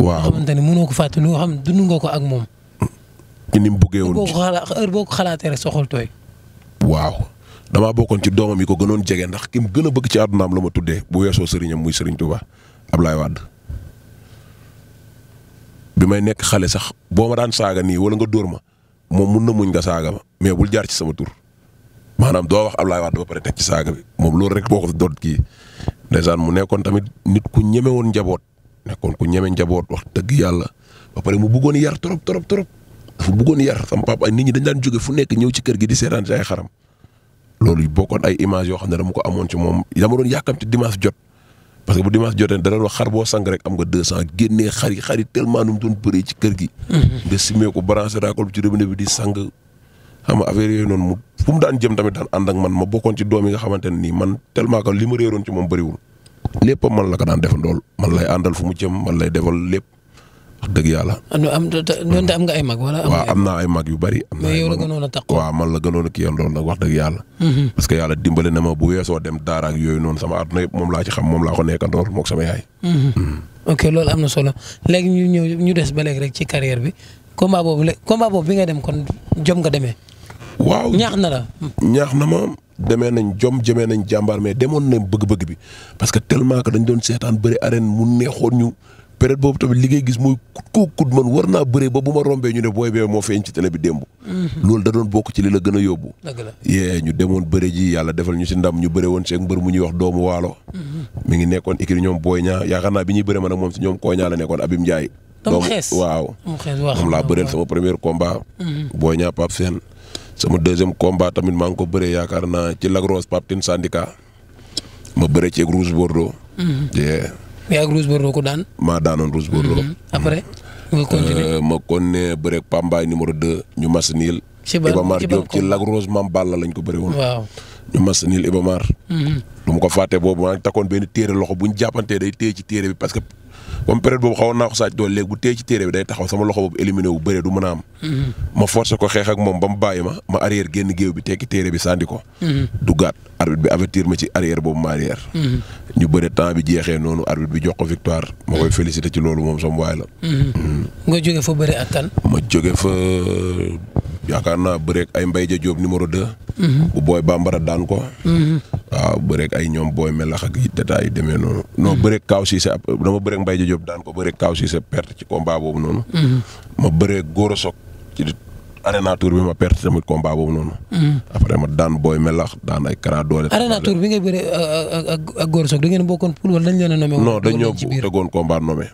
waaw xamante ne mënoo ko fàttali nga xam dund nga ko ak moom. ci ni mu buggee woon. heure boo ko xalaatee rek soxal tooy. waaw damaa bokkoon ci doomam yi ko gënoon jege ndax ki mu gën a bëgg ci àddunaam la ma tuddee bu weesoo sëriñam muy sëriñ Touba Ablaye Wade bi may nekk xale sax boo ma daan saaga nii wala nga dóor ma moom mun na muñ nga saaga ma mais bul jaar ci sama tur maanaam doo wax Ablaye Wade ba pare teg ci saaga bi moom loolu rek boo ko doon kii ndeysaan mu nekkoon tamit nit ku ñeme woon njaboot nekkoon ku ñeme njaboot wax dëgg yàlla ba mu bëggoon yar trop trop trop. dafa bëggoon yar sama papa ay nit ñi dañ daan jóge fu nekk ñëw ci kër gi di seetaan si ay xaram loolu bokkoon ay image yoo xam ne dama ko amoon ci moom dama doon yàkkamti dimanche jot parce que bu dimanche xar boo sang rek am nga deux cent génnee xar yi xar yi tellement nu mu doon bëree ci mhm. ko branché raakol bi ci robinet bi di sang xam nga affaire yooyu mu daan jëm tamit daan ànd ak man ma bokkoon ci doom yi nga xamante ne nii man tellement que li ma réeroon ci moom bëriwul lépp man la ko daan def ndool man lay àndal fu mu jëm man lay defal lépp wax dëgg yàlla. am na am nga ay mag wala. waaw yu bari. am naa la gënoon a man la gënoon a kii yoon loolu nag wax dëgg yàlla. Mm-hmm. parce que na ma bu weesoo dem daara ak yooyu moom laa xam moom laa ko nekkandoor moog sama yaay. Mm-hmm. Mm-hmm. ñaax na la. ñaax na ma demee nañ jom jëmee nañ jàmbaar mais demoon nañ bëgg-bëgg bi parce que tellement que dañ doon seetaan bëri arène mu neexoon ñu période boobu tamit li ngay gis mooy kut kut man war naa ba bu ma rombee ñu ne booy bee moo feeñ ci télé bi démb. Mhm. loolu da doon bokk ci li la gën a yóbbu. yee ñu demoon bëre ji yàlla defal ñu si ndam ñu bëre woon seeg mbër mu ñuy wax doomu waalo. Mhm. mi ngi nekkoon écurie ñoom booy ñaa yaakaar naa bi ñuy bëre ma ak moom si ñoom kooñaa la nekkoon Abim Ndiaye. waaw. moom laa bëreel sama premier combat. Mhm. booy ñaa Pape Sène sama deuxième combat tamit maa ngi ko bëree yaakaar naa ci Lac Rose Pape Tine Sandika ma bëree ceeg Rouge Bordeaux. mais ak Rouge ko daan. maa daanoon Rouge Bordeaux. Mhm. après nga euh, continuer ma kon ne bëreeg Pambaay numéro 2 ñu mas niil. ci ban Ibamar Diop ci Lac Rose Mam lañ ko bëri woon. ñu mas niil Ibamar. du mhm. ko fàtte boobu maa ngi takkoon benn téere loxo bu ñu jàppantee day téye ci téere bi parce que comme période boobu xawoon naa ko saaj doon léegi bu téye ci téere bi day taxaw sama loxo boobu éliminé wu bëree du mën a am. Mm-hmm. ma forcé ko xeex ak moom ba mu bàyyi ma ma arrière génn géew bi tekki téere bi sànni ko. Mm-hmm. duggaat arbitre bi avertir ma ci arrière boobu ma arrière. Mm-hmm. ñu bëre temps bi jeexee noonu arbitre bi jox ko victoire. ma koy félicité ci loolu moom sama waay la. nga jóge fa bëre ak kan. ma jóge fa yaakaar naa bëreek ay Mbaye Dia Diop numéro 2. Mhm. bu booy bambara daan ko. Mhm. waaw bëreeg ay ñoom booy melax ak yi détails yu demee noonu. non mhm. bëreeg Kaaw Cissé dama bëreeg mbay Dia Diop daan ko bëreeg Kaaw Cissé perte ci combat boobu noonu. ma bëreeg Goro Sock ci arena tour bi ma perte tamit combat boobu noonu. après ma daan booy melax daan ay kara doole. bi ngay bëree euh, euh, ak ak Goro Sock da ngeen bokkoon poul dañ leen a nommé. non dañoo tegoon combat nommé.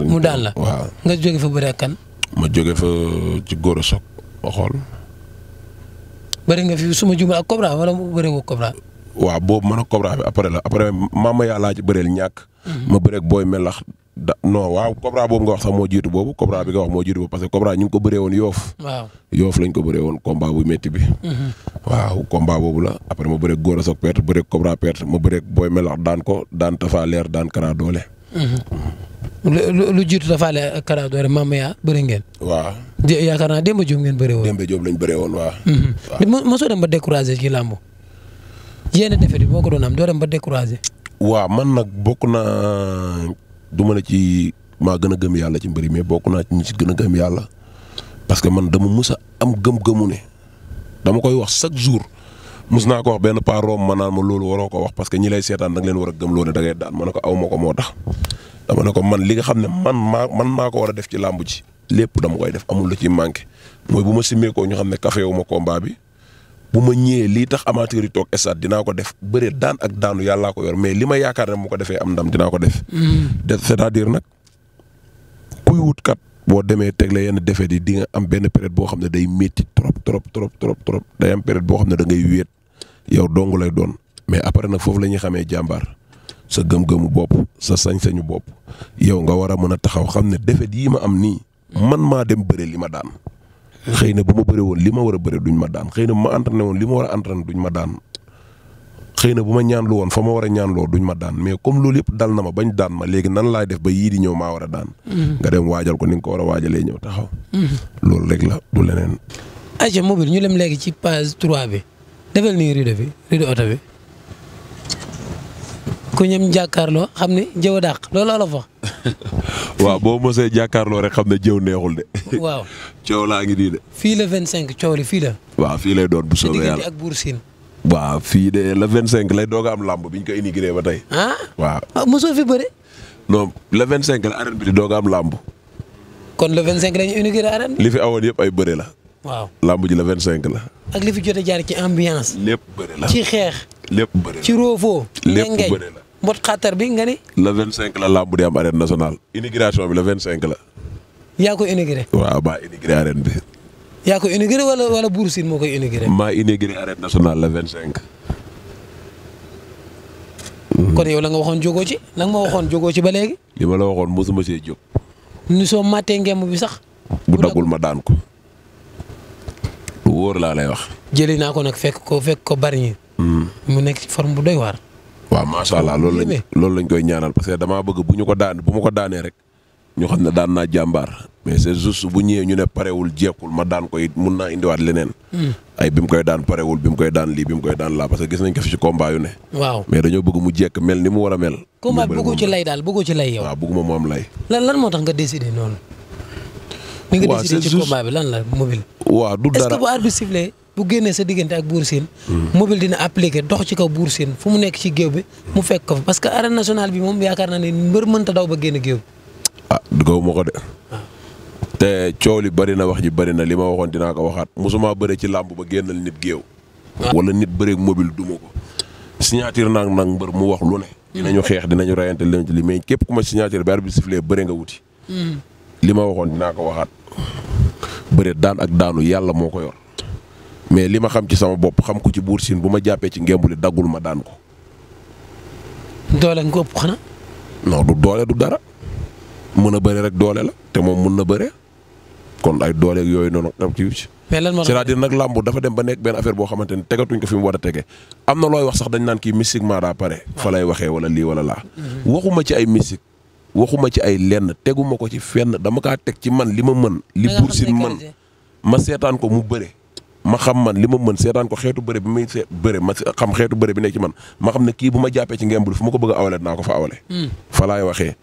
mu daan la waaw nga jóge fa bëri kan. ma jóge fa ci Goro Sock ma xool. bëri nga fi suma juma ak Cobra wala mu bëree woo Cobra. waaw boobu man ak Cobra bi après la après maama yaa laa ci bëreel ñàkk. Mhm. ma bëreeg booy melax da non waaw Cobra boobu nga wax jiitu boobu Cobra bi moo jiitu boobu parce que Cobra ñu ngi ko bëree woon yoof. waaw yoof lañ ko bëree woon combat bu métti bi. Mhm. waaw combat boobu la après ma bëreeg Gora Sock perte bëreeg Cobra perte ma bëreeg booy melax daan ko daan Tafa leer daan Kara doole. Mhm. lu lu jiitu Tafaale ak Kara Doore Mama yaa bëri ngeen. waaw. yaakaar dem Demba Diop ngeen bëree woon. Demba Diop lañ bëree woon waaw. Mhm. waaw mosoo dem ba découragé ci làmb. yéen bi boo ko doon am doo ba découragé. waaw man nag bokk naa du ma la ci maa gën a gëm yàlla ci mbëri mais bokk naa ci ñi ci gën a gëm yàlla. parce que man dama mës a am gëm-gëmu ne dama koy wax chaque jour mës naa ko wax benn paar room ma naan ma loolu waroo ko wax parce que ñi lay seetaan da leen war a gëm loolu da ngay daan ma ne ko aw ma ko moo tax. dama ne ko man li nga xam ne man maa man maa ko war a def ci làmb ci lépp dama koy def amul lu ci manqué mooy bu ma simmeekoo ñu xam ne café wu ma combat bi bu ma ñëwee lii tax amateur yi toog dinaa ko def bëre daan ak daanu yàllaa ko yor mais li ma yaakaar ne mu ko defee am ndam dinaa ko def. Mm. c'est-à-dire nag kuy wut kat boo demee teg la yenn defet yi di am benn période boo xam ne day métti trop trop trop trop trop day am période boo xam ne da ngay wéet yow dong lay doon mais après nag foofu la ñuy xamee jàmbaar. sa gëm-gëmu bopp sa sañ-sañu bopp yow nga war a mën a taxaw xam ne défaite yii ma am nii man maa dem bëre li ma daan. xëy na bu ma bëre woon li ma war a bëre duñ ma daan xëy na bu ma entraîné woon li ma war a entraîné duñ ma daan xëy na bu ma ñaanlu woon fa ma war a ñaanloo duñ ma daan mais comme loolu yëpp dal na ma bañ daan ma léegi nan laay def ba yii di ñëw maa war a daan. Mm-hmm. nga dem waajal ko ni nga ko war a waajalee ñëw taxaw. Mm-hmm. loolu rek la du leneen. ayca mobile ñu dem léegi ci page 3 bi defal nii rido bi rido ku ñem jàkkaarloo xam ne jëw a dàq loolu la fa. waaw boo mosee jàkkaarloo rek xam ne jëw neexul de. waaw coow laa ngi nii de. fii la 25 coow li fii la. waaw fii lay doon bu soobee ak buur siin. waaw fii de le 25 lay doog a am bi ko inauguré ba tey. ah waaw ah, mosoo fi bëre. non le 25 la arène bi di doog a kon la ñu cinq li fi awoon yëpp ay bëre la. waaw làmb ji la. ak li fi jot a jaar ci ambiance. lépp bëre la ci xeex. lépp lépp bëre la mbot xatar bi nga ni. le 25 la làmb di am arène nationale. inauguration bi le 25 la. yaa ko inauguré. waaw maa inauguré arène bi. yaa ko inauguré wala wala Bour moo koy inauguré. maa inauguré arène nationale le 25. Hmm. kon yow la nga waxoon jógo ci la moo waxoon jógoo ci ba léegi. li ma la waxoon mosuma see jóg. ni soo màttee ngemb bi sax. bu dagul ma daan ko. wóor laa lay wax. jëli naa ko nag fekk ko fekk ko bari ñi hmm. mu nekk ci forme bu doy waar. waaw macha allah loolu lañ loolu lañ koy ñaanal parce que damaa bëgg bu ñu ko daan bu ma ko daanee rek ñu xam ne daan naa jàmbaar mais c'est juste bu ñëwee ñu ne parewul jekkul ma daan ko it mun naa indiwaat leneen. Hmm. ay bi mu koy daan parewul bi mu koy daan lii bi mu laa parce gis nañ ko fi ci combat yu ne. waaw mais dañoo bëgg mu jekk mel ni mu war a mel. combat bëggu ci lay daal bëggu ci lay yow. waaw bëgguma mu am lay. lan lan moo tax nga décidé noonu. waaw c'est juste ni nga décidé ci combat bi lan la mobile. waaw du dara est-ce que bu bu génnee sa diggante ak buur siin hmm. mobile dina appliqué dox ci kaw buur siin fu mu nekk ci géew bi mu fekk ko fa parce que arène nationale bi moom yaakaar naa ne mbër mënta daw ba génn géew bi ah gaw ma ah. li bari na wax ji bari na li ma waxoon dinaa ko waxaat mosuma bëre ci làmb ba génnal nit géew ah. wala nit bëreeg mobile duma ko signature naag mbër mu wax lu ne hmm. dinañu xeex dinañu rayante leen li mais képp ku ma signature bi arbitre sifflé bëre nga wuti hmm. li ma waxoon dinaa ko waxaat bëre daan ak daanu yàlla moo ko yor mais li ma xam ci sama bopp xam ko ci buur siin bu ma jàppee ci ngembuli daggul ma daan ko. doole nga ko ëpp xanaa. non du doole du dara mën na bëre rek doole la te moom mun na bëre kon ay doole yooyu noonu tam ci. mais lan moo cest à nag làmb dafa dem ba nekk benn affaire xamante ni tegatuñ ko fi mu war a tege looy wax sax dañ naan kii mystiquement daa pare. fa wala lii wala laa. waxuma ci ay mystique waxuma ci ay lenn teguma ko ci fenn dama kaa teg ci man li ma mën. li Bour Sine ma seetaan ko mu bëre. ma xam man li ma mën seetaan ko xeetu bëre bi muy ma xam xeetu bëre bi nekk ci man ma xam ne kii bu ma jàppee ci ngemb fu ko bëgg a awale ko fa awale hmm. fa laay waxee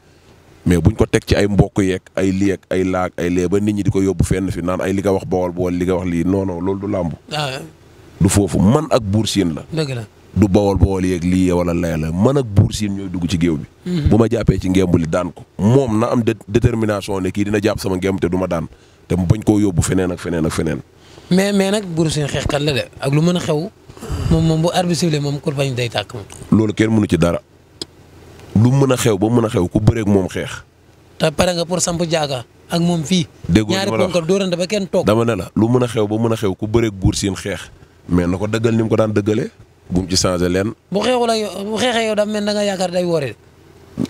mais buñ ko teg ci ay mbokk yeeg ay lii ay laag ay lee ba nit ñi di ko yóbbu fenn fi naan ay li nga wax bool bool li nga wax lii non loolu du làmb ah. foofu man ak buur siin la dëgg du bawol bawol yeeg lii wala lay la man ak buur siin ñooy dugg ci géew bi hmm. bu ma jàppee ci ngemb li daan ko moom na am détermination ne kii dina jàpp sama ngemb te du ma daan te bañ koo yóbbu feneen ak feneen ak feneen mais mais nag Bour Sine xeexkat la de ak lu mën a xew moom moom bu arbitre sifflé moom kurbañ day tàkk moom. loolu kenn mënu ci dara lu mën a xew ba mën a xew ku bëreeg moom xeex. te pare nga pour samp jaaga ak moom fii. déggoo ñaari ponkal dóorante ba kenn toog. dama ne la lu mën a xew ba mën a xew ku bëreeg Bour Sine xeex mais na ko dëggal ni mu ko daan dëggalee bu mu ci changé leen. bu xeexul ak yow bu xeexee yow dafa mel da nga yaakaar day woore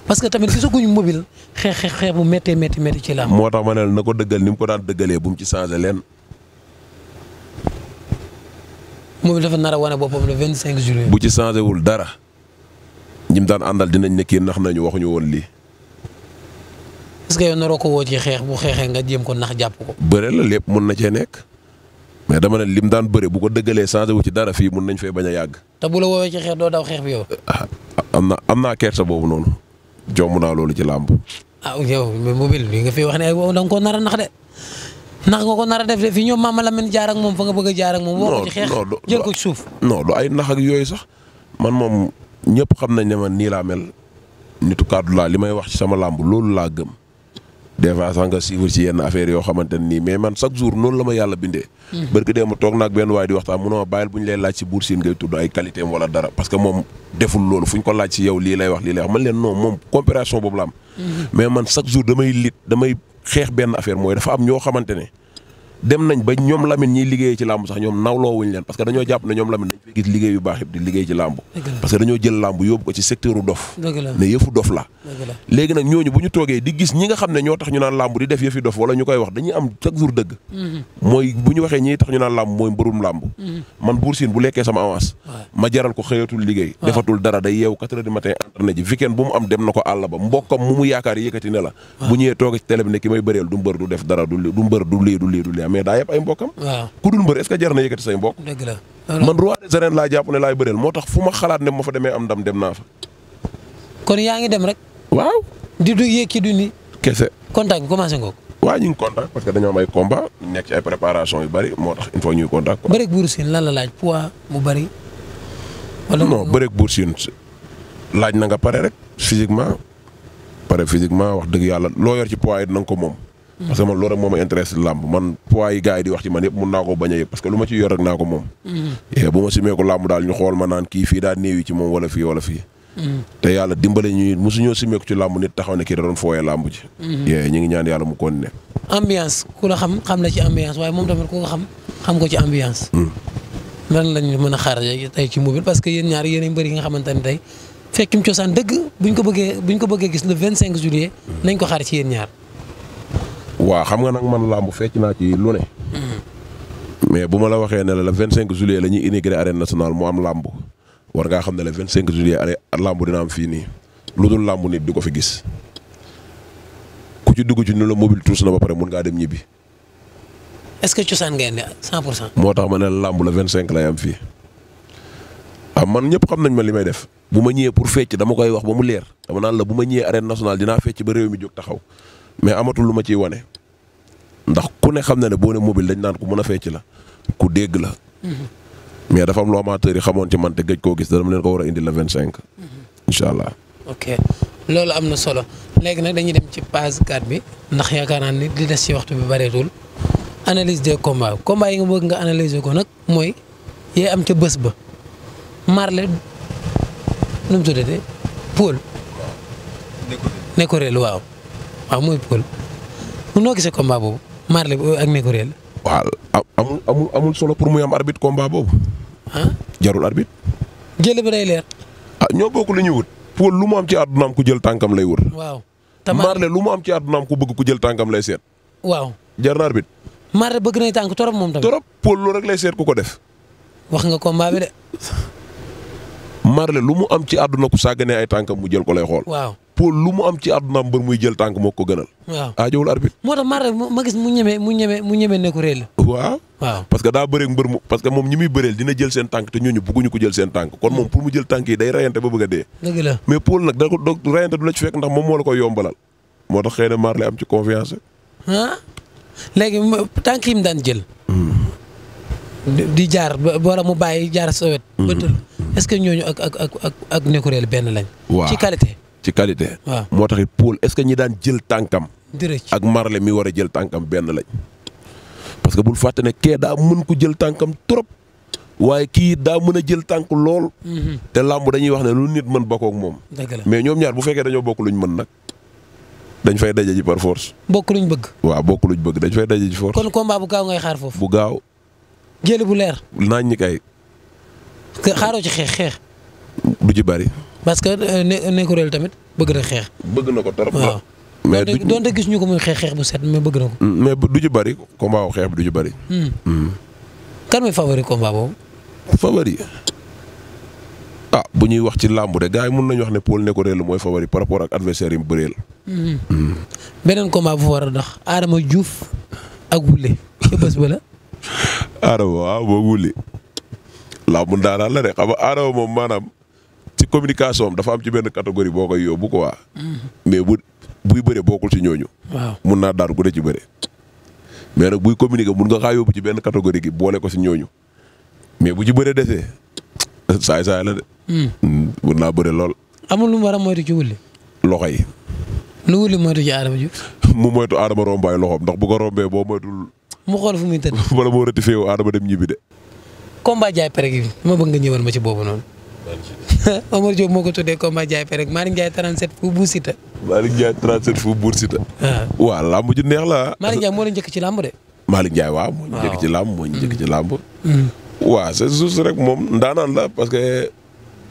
parce que tamit gisaguñu mobile xeex xeex xeex bu méttee métti métti ci la. moo tax ma ne la na ko dëggal ni mu ko daan dëggalee bu mu ci changé leen moom dafa nar a wane boppam le 25 juillet. bu ci changé wul dara ñim daan àndal dinañ ne kii nax nañu waxuñu woon lii. est-ce yow naroo ko woo ci xeex bu xeexee nga jéem ko nax jàpp ko. bëre la lépp mun na cee nekk mais dama ne lim daan bëre bu ko dëggalee changé wu ci dara fii mun nañ fee bañ a yàgg. te bu la woowee ci xeex doo daw xeex bi yow. Ah, am na am naa kersa boobu noonu jomb naa loolu ci làmb. ah yow mobile bi nga fi wax ne da nga koo nar nax nga ko nar a def de fii ñoom Mama Lamine jaar ak moom fa nga bëgg a jaar ak moom. woo yooyu sax man moom ñëpp xam nañ ma nii laa mel nitu kàddu laa wax ci sama làmb loolu laa gëm. des fois sax nga mais man chaque noonu ma yàlla bindee. Hmm. barki dee ma toog naag benn waay di waxtaan mu ne ma que moom deful loolu fu ñu ko lii lay wax lii lay wax man leen non moom comparaison boobu la am. Hmm. mais man chaque jour damay lit damay xeex benn affaire mooy dafa am ñoo xamante ne dem nañ ba ñoom Lamine ñiy liggéey ci làmb sax ñoom nawloo wuñ leen parce dañoo jàpp ne ñoom Lamine dañ gis liggéey baax yëpp di liggéey ci làmb parce dañoo jël làmb yóbbu ko ci secteur dof ne yëfu dof la léegi nag ñooñu bu ñu toogee di gis ñi nga xam ne ñoo tax ñu naan làmb di def yëfi dof wala ñu koy wax dañuy am chaque jour dëgg mhm. mooy bu ñu waxee ñi tax ñu naan làmb mooy mbërum làmb mhm. man Bour bu lekkee sama avance ma jaral ko xëyatul liggéey na ko àll ba mbokkam mu mu yaakaar yëkkati ne la bu mais daa yëpp ay mbokkam. waaw ku mbër est-ce que jar na yëkkati say mbokk. dëgg la man roi des arènes laa jàpp ne laay bëreel ma xalaat ne ma fa demee am dem naa kon yaa ngi dem rek. waaw. di du yéeg du kese contact commencé ko. waaw ñu ngi contact parce que dañoo am ay nekk ci yu bari moo tax il faut ñuy contact. bëreeg Bour Sine lan la laaj poids mu bari. wala non bëreeg laaj na nga pare rek physiquement pare physiquement wax dëgg yàlla loo yor ci poids yi dina nga ko moom parce que man loolu rek moo ma intéresse làmb man poids yi gars yi di wax ci man yëpp mun naa ko bañ a yëpp parce que lu ma ci yor rek naa ko moom. Mm-hmm. bu ma simee ko daal ñu xool ma naan kii fii daa néew ci moom wala fii wala fii. Mm-hmm. te yàlla dimbale ñuy mosuñoo simee ko ci làmb nit taxaw ne kii da doon fooyee làmb ji. Mm-hmm. ñu ngi ñaan yàlla mu continuer. ambiance ku la xam xam la ci ambiance waaye moom tamit ku ko xam xam ko ci ambiance. nan mm. lañ a xaar tey ci mobile parce que yéen ñaar yéen ay mbër yi nga xamante ne tey fekkim ko bëggee ko bëggee gis le 25 juillet mm. nañ ko xaar ci ñaar waaw xam nga nag man làmb fecc naa ci lu ne. mais bu ma la waxee ne la le vingt cinq juillet la ñuy intégré arène nationale mu am làmb war ngaa xam ne le vingt cinq juillet arène làmb dina am fii nii lu dul làmb di ko fi gis ku ci dugg ci nu la mobile ba pare mun ngaa dem ñibbi. est-ce que cosaan ngeen di 100 pour moo tax ma ne la làmb le vingt cinq lay am fii am ah, man ñëpp xam nañ ma li may def bu ma ñëwee pour fecc dama koy wax ba mu leer dama naan la bu ma ñëwee arène nationale dinaa fecc ba réew mi jóg taxaw mais amatul lu ma ciy wane. ndax ku ne xam na ne boo ne mobile dañ naan ku mën a fecc la ku dégg la. mais dafa am lu amateur yi xamoon ci man te gëj koo gis dama leen ko war a indi la vingt cinq. incha allah. ok loolu am na solo léegi nag dañuy dem ci page 4 bi ndax yaakaar naa ni li des ci waxtu bi bareetul analise de combats combats yi nga bëgg nga analyser ko nag mooy yee am ca bës ba Marley nu mu tuddate Paul. lu waaw waaw mooy Paul noo gisee combat boobu. Marley ak Négorél. waaw amul amul solo pour muy am arbitre combat boobu. jarul arbitre. jël ba day leer. ah ñoo bokk li ñuy wut. lu mu am ci àddunaam ku jël tànkam lay wër. waaw te Marley lu mu am ci àddunaam ku bëgg ku jël tànkam lay seet. waaw jar na arbitre. Marley bëgg nay tànk torop moom tamit. torop Paul loolu rek lay seet ku ko def. wax nga combat bi lu mu am ci àdduna ku sàgganee ay tànkam mu jël ko lay xool. waaw. Paul lu mu am ci àdduna mbër muy jël tànk moo ko gënal. waaw aajowul arbitre. moo tax Marley ma gis mu ñeme mu ñeme mu ñeme nekku réel. waaw waaw parce que daa bëreeg mbër mu parce que moom ñi muy bëreel dina jël seen tànk te ñooñu bëgguñu ko jël seen tànk kon moom pour mu jël tànk yi day rayante ba bëgg a dee. dëgg la mais Paul nag da ko du la fekk ndax moom moo la koy yombalal. moo tax xëy na am ci confiance. ah léegi tànk yi mu daan jël. Hmm. di jaar ba mu bàyyi jaar sowet hmm. bëttal est-ce que ñooñu ak ak ak ak nekku réel benn lañ. ci qualité. waaw moo tax it Paul est ce que ñi daan jël tànkam. ak Marley mi war a jël tànkam benn lañ. parce que bul fàtte ne kee daa mën ko jël tànkam trop. waaye kii daa mën a jël tànk lool. Mhm. te làmb dañuy wax ne lu nit mën bokkook moom. mais ñoom ñaar bu fekkee dañoo bokk luñ mën nag. dañ fay daje ji par force. bokk luñ bëgg. waaw bokk luñ bëgg dañ fay daje ji force. kon combat bu gaaw ngay xaar foofu. bu gaaw. jëli bu leer. naa ñi kay. xaaroo ci xeex xeex. du ci bari. parce que euh, nekku réel tamit bëgg na xeex. bëgg na ko trop waaw. mais du gis ñu ko muy xeex bu set mais bëgg na ko. Mm, mais du ci bëri combat wu xeex bi du ci bëri. Hmm. Mm. kan mooy favori combat boobu. favori ah bu ñuy wax ci làmb de gaa yi mun nañu wax ne Paul Néko mooy favori par rapport ak adversaire yi mu bëreel. Hmm. Mm. beneen combat bu fa a dox Adama Diouf ak Wule ca bés ba la. Adama ah, waaw moom maanaam. communication am dafa am ci benn catégorie boo koy ko quoi. mais bu buy bëre bokkul ci ñooñu. waaw mun naa daanu ku ci bëre. mais nag buy communiquer mun nga xaa yóbbu ci benn catégorie gi boole ko si ñooñu mais bu ci bëre desee saay saay la de. Hmm. mun naa bëre lool. amul lu mu war a moytu ci wulli. loxo yi. lu wulli moytu ci aadama ji. mu moytu aadama rombaay loxoom ndax bu ko rombee boo moytul. mu xool fu muy tëdd. wala moo rëtti féewu aadama dem ñibbi de. combat jaay pare gi ma bëgg nga ñëwal ma ci bo noonu. Omar Diop moo ko tuddee combat jaay pe rek Malick Ndiaye 37 fu Buur Siteu. Malick Ndiaye 37 fu ah. làmb ju neex la. Malick Ndiaye moo la njëkk ci làmb de. Malick Ndiaye waaw moo ñu njëkk ci làmb moo njëkk ci mm. làmb. Mm. waaw sa suuf rek moom ndaanaan la parce que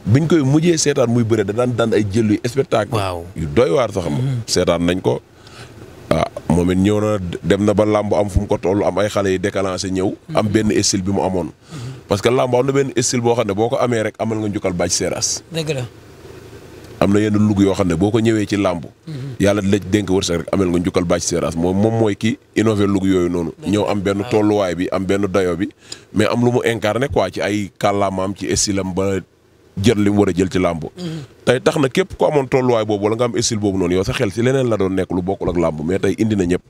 biñ koy mujjee seetaan muy bëre da daan daan ay jël yu spectacle. waaw yu doy waar sax ma. Mm. seetaan nañ ko. ah moom it ñëw na dem na ba làmb am fu mu ko toll am ay xale yi décalancé ñëw. am benn style bi mu amoon. parce que làmb am na benn style boo xam ne boo ko amee rek amal nga njukkal bàcc seeraas. am na yenn lug yoo xam ne boo ko ñëwee ci làmb. Mm-hmm. yàlla la dénk wërsëg rek amel nga njukkal bàcc seeraas moom moom mooy ki innové lug yooyu noonu. ñëw am benn tolluwaay bi am benn dayo bi. mais am lu mu incarné quoi ci ay kàllaamaam ci style am ba jël li mu war a jël ci làmb. Mm-hmm. tey tax na képp ku amoon tolluwaay boobu wala nga am style boobu noonu yow sa xel si la doon nekk lu bokkul indi na ñëpp.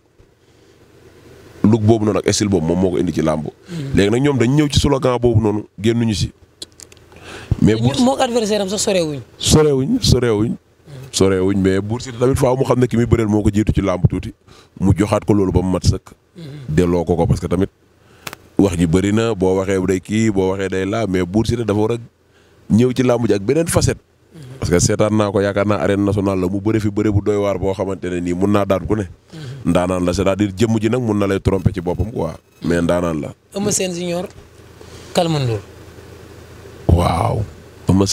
look boobu noonu ak style boobu moom moo ko indi ci làmb. léegi nag ñoom dañ ñëw ci slogan boobu noonu génnuñu si. mais Bour Siteu moom adversaire am sax sorewuñ. sorewuñ sorewuñ. sorewuñ mais Bour Siteu tamit faa mu xam ne ki muy bëreel moo ko jiitu ci làmb tuuti mu joxaat ko loolu ba mu mat sëkk. delloo ko ko parce que tamit wax ji bëri na boo waxee day kii boo waxee day laa mais si Siteu dafa war a ñëw ci làmb ji ak beneen facette. parce que seetaan naa ko yaakaar naa arène nationale la mu bëre fi bëre bu doy waar boo xamante ne nii mun naa daan ku ne. ndaanaan la c'est-à-dire jëmm ji nag mun na lay tromper ci boppam quoi mais ndaanaan la. Eumeu Sène junior Kalmu Ndour. waaw Eumeu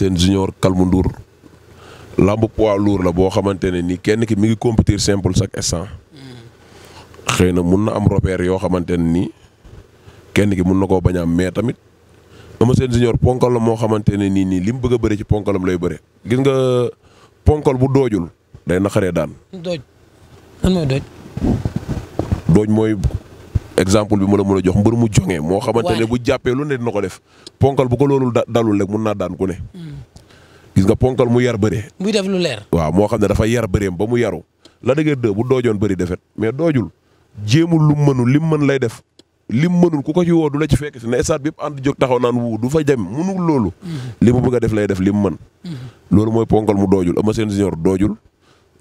la boo xamante ne nii kenn ki mi ngi compétir simple chaque instant. xëy na mun na am repère yoo xamante ne nii kenn ki mun na koo bañ a mais tamit Eumeu Sène junior ponkal la moo xamante ne nii nii li mu bëgg a bëri ci ponkalam lay bëre gis nga ponkal bu doojul day naxaree daan. dooj lan mooy exemple bi mu la mën a jox mbër mu joŋee moo xamante ne bu jàppee lu ne dina ko def ponkal bu ko loolu dalul rek mun naa daan ku ne. Hmm. gis nga ponkal mu yar bëre. muy def lu leer. waaw moo xam ne dafa yar bëreem ba mu yaru la dëgër dë bu doojoon bëri defet mais doojul jéemul lu mu mënul li mën lay def. lim mënul ku ko ci woo du la ci fekk si ne stade bi yëpp ànd jóg taxaw naan wu du fa dem mënul loolu. Mm-hmm. li mu bëgg a def lay def li mu mën. Mm-hmm. loolu mooy ponkal mu doojul Eumeu seen junior doojul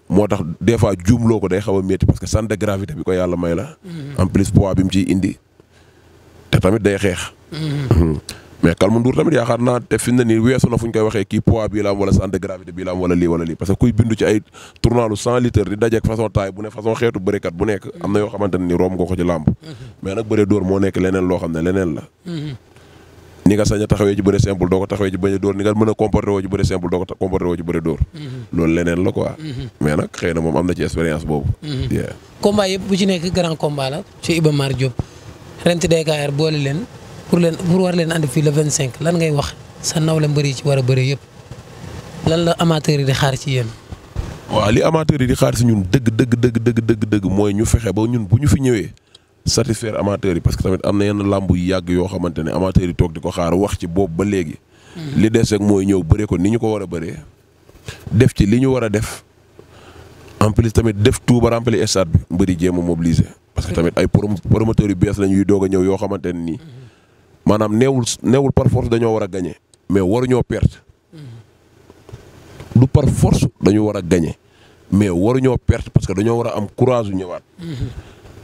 moo tax des fois juumloo ko day xaw a métti parce que centre de gravité bi ko yàlla may la. Mm-hmm. en plus pois bi mu ciy indi te tamit day xeex. mais Calme Ndour tamit yaakaar naa te fi ne nii weesu na fu ñu koy waxee kii poids bii la am wala centre gravité bii la am wala lii wala lii parce que kuy bindu ci ay tournois lu 100 façon taille bu ne façon xeetu bërekat bu nekk leneen loo xam ne leneen la. ni nga sañ taxawee ci bëre simple doo ko taxawee ci bañ a ni nga mën a comporté woo ci bëre simple doo ko comporté ci bëre dóor. loolu leneen la quoi. mais nag xëy na moom am pour leen pour war leen andi fii le 25 lan ngay wax sa nawle mbër yi ci war a bëre yëpp lan la amateur yi di xaar ci yéen. waa li amateur yi di xaar si ñun dëgg dëgg dëgg dëgg dëgg dëgg mooy ñu fexe ba ñun bu ñu fi ñëwee satisfaire amateur yi parce que tamit am na yenn làmb yu yàgg yoo xamante ne amateur yi toog di ko xaar wax ci boobu ba léegi. Mm-hmm. li des rek mooy ñëw bëre ko ni ñu ko war a bëree. def ci li ñu war a def en tamit def tout ba remplir stade bi mbëri jéem a mobiliser. que tamit ay promoteurs yu bees lañuy doog a ñëw yoo xamante ne nii. Mm-hmm. maanaam neewul neewul par force dañoo war a gagné mais waruñoo perte mm-hmm. du par force dañu war a gagné mais waruñoo perte parce que dañoo war a am courage ñëwaat. Mm-hmm.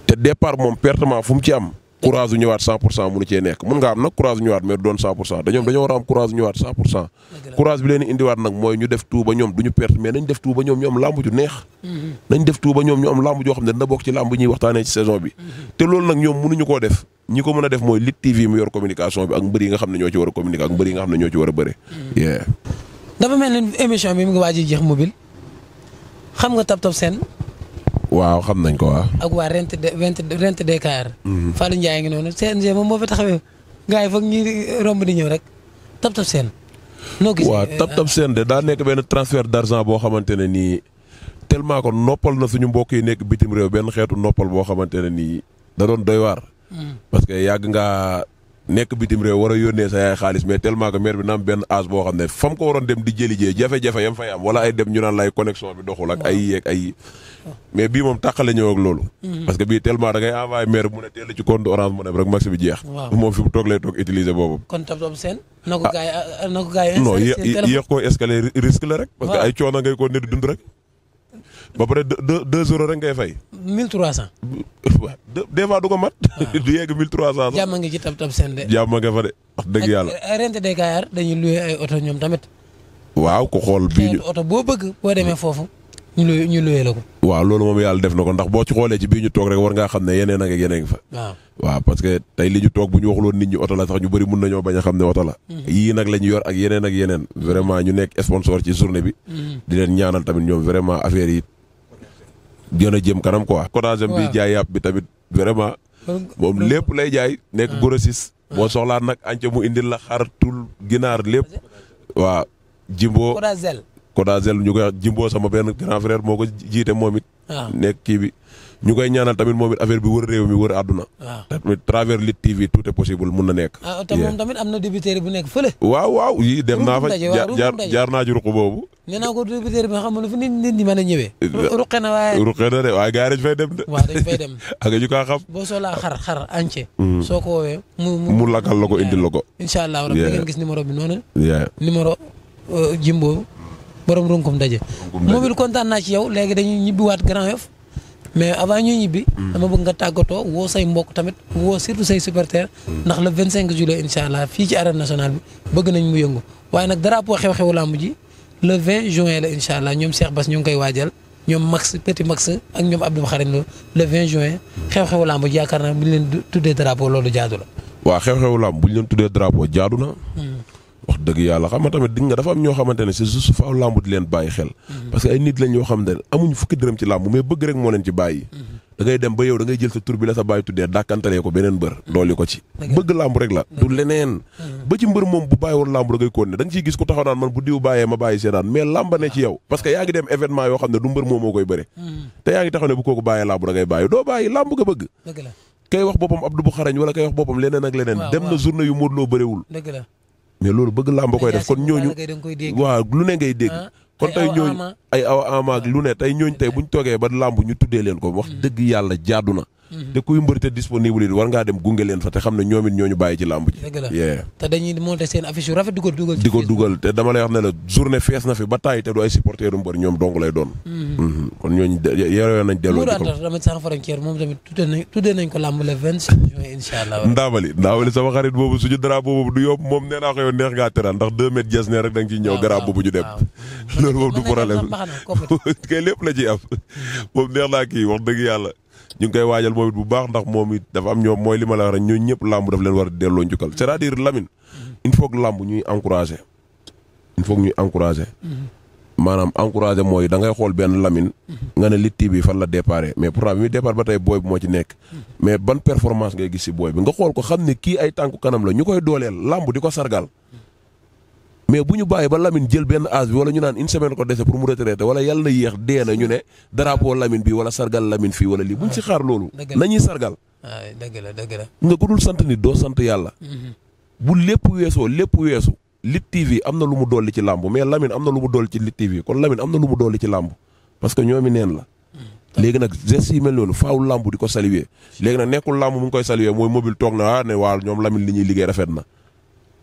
te départ moom pertement fu mu ci am courage bu ñëwaat 100 pour cent mënu cee nekk mën nga am nag courage bu ñëwaat mais doon 100 pour cent dañoom dañoo war am courage bu ñëwaat 100 pour cent courage bi leen indiwaat nag mooy ñu def tout ba ñoom du ñu perte mais nañ def tout ñoom ñu am làmb neex mm-hmm. nañ def tout ñoom ñu am làmb xam ne dina bokk ci làmb waxtaanee ci saison bi mm-hmm. te loolu nag ñoom mënuñu koo def ñi ko mën a def mooy Lutte TV mu yor communication bi ak mbër nga xam waaw xam nañ ko waaw. ak waa rent de rent Dakar. Mhm. Fallou Ndiaye ngi noonu CNG moom moo fi taxawee gars yi foog ñuy romb di ñëw rek Tap Tap Sène. noo gis waaw Tap Tap ah. Sène de daa nekk benn transfert d'argent boo xamante ne nii tellement ko noppal na suñu mbokk yi nekk bitim réew benn xeetu noppal boo xamante ne nii da doon doy waar. Mm. parce que yàgg ngaa nekk bitim réew war a yónnee sa yaay xaalis mais tellement que maire bi na am benn âge boo xam ne fa ko waroon dem di jëli jee jafe-jafe yam fay am wala ay dem ñu naan lay connexion bi doxul ak ay yeeg ay mais bii loolu mm-hmm. parce que bii tellement da envoyé maire bi mu ne teel ci compte orange mu ne rek max bi jeex moom fi mu toog lay toog utiliser boobu ah. risque la rek parce que ay coono ngay ko nit dund rek ba pare deux deux euros rek ngay fay. mille trois cent. waa des fois du ko mat. Ah. du yegg mille trois cent sax. jàmm nga ci tab tab seen de. jàmm nga fa de wax dëgg yàlla. Eh, rente de gaar dañuy loué ay oto ñoom tamit. waaw ko xool bii ñu oto boo bëgg boo demee foofu. ñu loué ñu loué la ko. waaw loolu moom yàlla def na ko ndax boo ci xoolee ci bii ñu toog rek war ngaa xam ne yeneen ak yeneen fa. waaw waaw parce que tey li ñu toog bu ñu waxuloon nit ñi oto la sax ñu bëri mun nañoo bañ a xam ne oto la. Hmm. yii nag la ñu yor ak yeneen ak yeneen. vraiment ñu nekk sponsor ci journée bi. Hmm. di leen ñaanal tamit ñoom vraiment affaire yi gën a jëm kanam quoi. cotagem bi jaay yàpp bi tamit vraiment. moom lépp lay jaay nekk ah. grossiste. boo soxlaa nag anca mu indil la xar tul ginaar lépp. waa Jimbo Codazel. Codazel ñu koy wax Jimbo sama benn grand frère moo ko jiite moom it. Ah. nekk kii bi. ñu koy ñaanal tamit moom it affaire bi wër réew mi wër àdduna. waaw ah. tamit travers Lutte TV tout est possible mun na nekk. ah te tamit am na débiteur bu nekk fële. waaw waaw yii dem naa fa jaar jaar naa ci ruq boobu. nee ko débiteur bi xam nga fu nit ñi mën a ñëwee. Eh, ruqe na waaye ruqe na de waaye gars yi dañ fay dem de. ak ñu kaa xam. boo soolaa xar xar àñce. Hmm. soo ko woowee mu mu lakkal la ko indil la ko. incha allah rabbi gis numéro bi noonu. numéro euh, Jimbo borom runkum daje. moom it kontaan naa ci yow léegi dañuy ñibbiwaat Grand Yoff mais avant ñoo ñibbi. dama bëgg nga tàggatoo woo say mbokk tamit woo surtout say supporters ndax le 25 juillet incha allah fii ci arène nationale bi bëgg nañ mu yëngu waaye nag drapeau xew-xewu làmb ji le 20 juin la incha allah ñoom Cheikh Bass ñu ngi koy waajal ñoom Max Petit Max ak ñoom Abdou Xarim Lo le juin xew-xewu làmb yaakaar naa bu ñu leen tuddee drapeau loolu jaadu la. waaw xew-xewu làmb bu ñu leen tuddee drapeau jaadu na. Hmm. wax dëgg yàlla xam nga tamit dig dafa am ñoo xamante ne c'est juste faaw làmb di leen bàyyi xel mhm. parce que ay nit lañ yoo xam ne amuñu fukki dërëm ci làmb mais bëgg rek moo leen ci bàyyi mhm. da dem ba yow da jël sa tur bi la sa bàyyi tuddee dàkkantalee ko beneen mbër mhm. dooli ko ci bëgg làmb rek la du leneen ba ci mbër moom bu bàyyi woon làmb da koon ne da nga gis ku taxaw naan man bu diw bàyyee ma bàyyi seetaan mais làmb ne ci yow parce yaa mais loolu bëgg làmb koy def kon ñooñu waaw lu ne ngay dégg ah, kon tey ñooñu ay aw amaak lu ne tey ñooñu tey ñu toogee ba làmb ñu tuddee leen ko wax hmm. dëgg yàlla jaadu na te kuy mbër te disponible war ngaa dem gunge leen fa te xam ne ñoom it ñoo bàyyi ci làmb ji. dëgg te dañuy monter seen affiche yu rafet dugal. dugal te dama lay wax ne journée fees na fi ba taay te du ay supporteru mbër ñoom dong lay doon. Mm-hmm. Mm-hmm. kon ñooñu yore nañ neex rek da nga ciy ñëw garab boobu ñu dem loolu moom du problème kay lépp la ciy am moom neex naa kii wax dëgg yàlla ñu ngi koy waajal moom it bu baax ndax moom it dafa am ñoom mooy li ma la rek ñooñu ñëpp làmb daf leen war a delloo njukkal c'est-à-dire il faut que làmb ñuy encouragé il faut que ñuy encouragé maanaam encouragé mooy dangay xool benn Lamine nga ne Lutte TV fan la déparé mais pourtant bi muy départ ba tey booy bi moo ci nekk mais ban performance ngay gis si booy bi nga xool ko xam ni kii ay tànku kanam la ñu koy dooleel làmb di ko sargal mais bu ñu bàyyi ba Lamine jël benn âge bi wala ñu naan une semaine ko dese pour mu retraité wala yàlla na yéex dee na ñu ne drapeau Lamine bi wala sargal Lamine fii wala lii buñ ci xaar loolu. nañuy sargal. la nga ku dul sant nit doo sant yàlla. Mm-hmm. bu lépp weesoo lépp weesu. Lit TV am na lu mu dolli ci làmb mais Lamine am na lu mu dolli ci Lit TV kon Lamine am na lu mu dolli ci làmb parce ñoomi neen la. Mm-hmm. léegi nag gestes yi mel noonu faaw làmb di ko saluer léegi nag nekkul làmb mu ngi koy saluer mooy mobile toog ah, li ñuy liggéey rafet na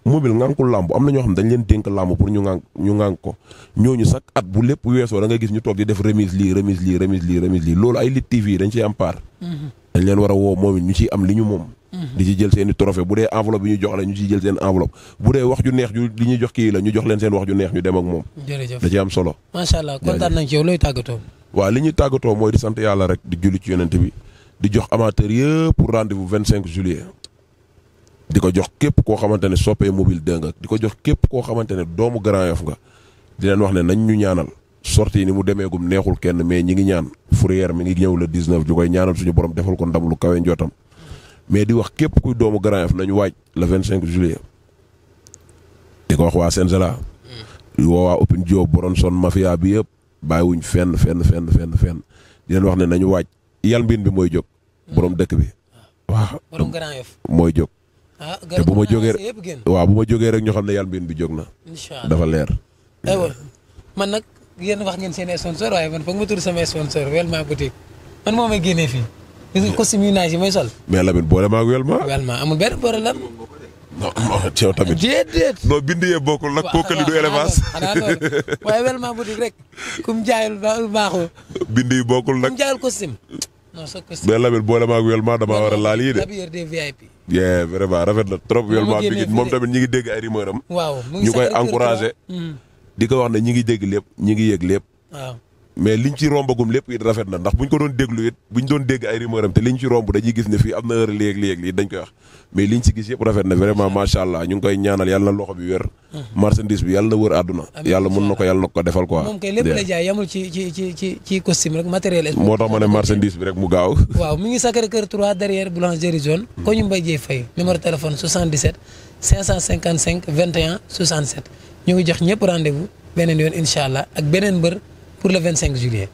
mobile ngànkul làmb am na ñoo xam dañ leen dénk làmb pour ñu ngànk ñu ngànk ko ñooñu at bu lépp weesoo da nga gis ñu toog di def remise lii remise lii remise lii remise lii loolu ay lit TV dañ ciy am part. Mhm. dañ leen war a woo moom it ñu ciy am li ñu moom. Mhm. di ci jël seen i trophée bu dee enveloppe bi ñu jox la ñu jox leen seen wax ju neex ñu dem ak moom. jërëjëf da ciy am solo. macha allah kontaan nañ ci yow looy tàggatoo. waaw li ñuy tàggatoo mooy di sant yàlla rek di julli ci yonent bi di jox amateur yëpp pour rendez-vous 25 juillet di ko jox képp koo xamante ne soppee mobile dëng ak di ko jox képp koo xamante ne doomu Grand Yoff nga di leen wax ne nañ ñu ñaanal sortie ni mu demeegum neexul kenn mais ñi ngi ñaan Fourrière mi ngi ñëw le 19 ñu koy ñaanal suñu borom defal ko ndam lu kawe njootam mais di wax képp kuy doomu Grand Yoff nañu waaj le 25 juillet di ko wax waa Senzala woo waa Open Diop Boronson mafia bi yëpp bàyyiwuñ fenn fenn fenn fenn fenn di leen wax ne nañu waaj yal mbin bi mooy jóg borom dëkk bi ah. waaw borom mooy jóg Ah, te bu ma jógee waaw bu ma jógee rek ñu xam ne yàlla mbir bi jóg na. dafa leer. aywa man nag yéen wax ngeen seen sponsor waaye man foog ma tudd sama sponsor Welma boutique man moo may génnee fii. gis nga costume yu naaj may sol. mais Lamine boole ma ak Welma. Welma amul benn boole lan. non non ci yow tamit. déedéet bind yee bokkul nag kookali du élevage. xanaa loolu waaye Welma boutique rek. kum jaayul baaxul. bind yi bokkul nag kum jaayul costume. mais Lamine boole maag Wélma damaa war a laal yii de. yeah vraiment rafet na trop. Wélma bi moom tamit ñi ngi dégg ay rumeur am. waaw ñu koy encouragé. Mm. di ko wax ne ñi ngi dégg lépp ñi ngi yéeg lépp. waaw mais li liñ ci rombagum lépp it rafet na ndax buñ ko doon déglu it buñ doon dégg ay rumeur am te liñ ci romb dañuy gis ne fii am na heure léeg léeg lii dañ koy wax bi wér. Hmm. marchandise bi yàlla yàlla mën na ko yàlla na ko defal quoi. moom kay lépp ci ci ci moo tax ma ne marchandise bi rek gaaw. waaw mi ngi Sacré Cœur 3 derrière boulangerie zone. Hmm. ko ñu Mbaye Dieye Faye numéro téléphone 77 555 21 ñu ngi jox ñëpp rendez-vous beneen yoon incha allah ak beneen mbër pour le 25 juillet.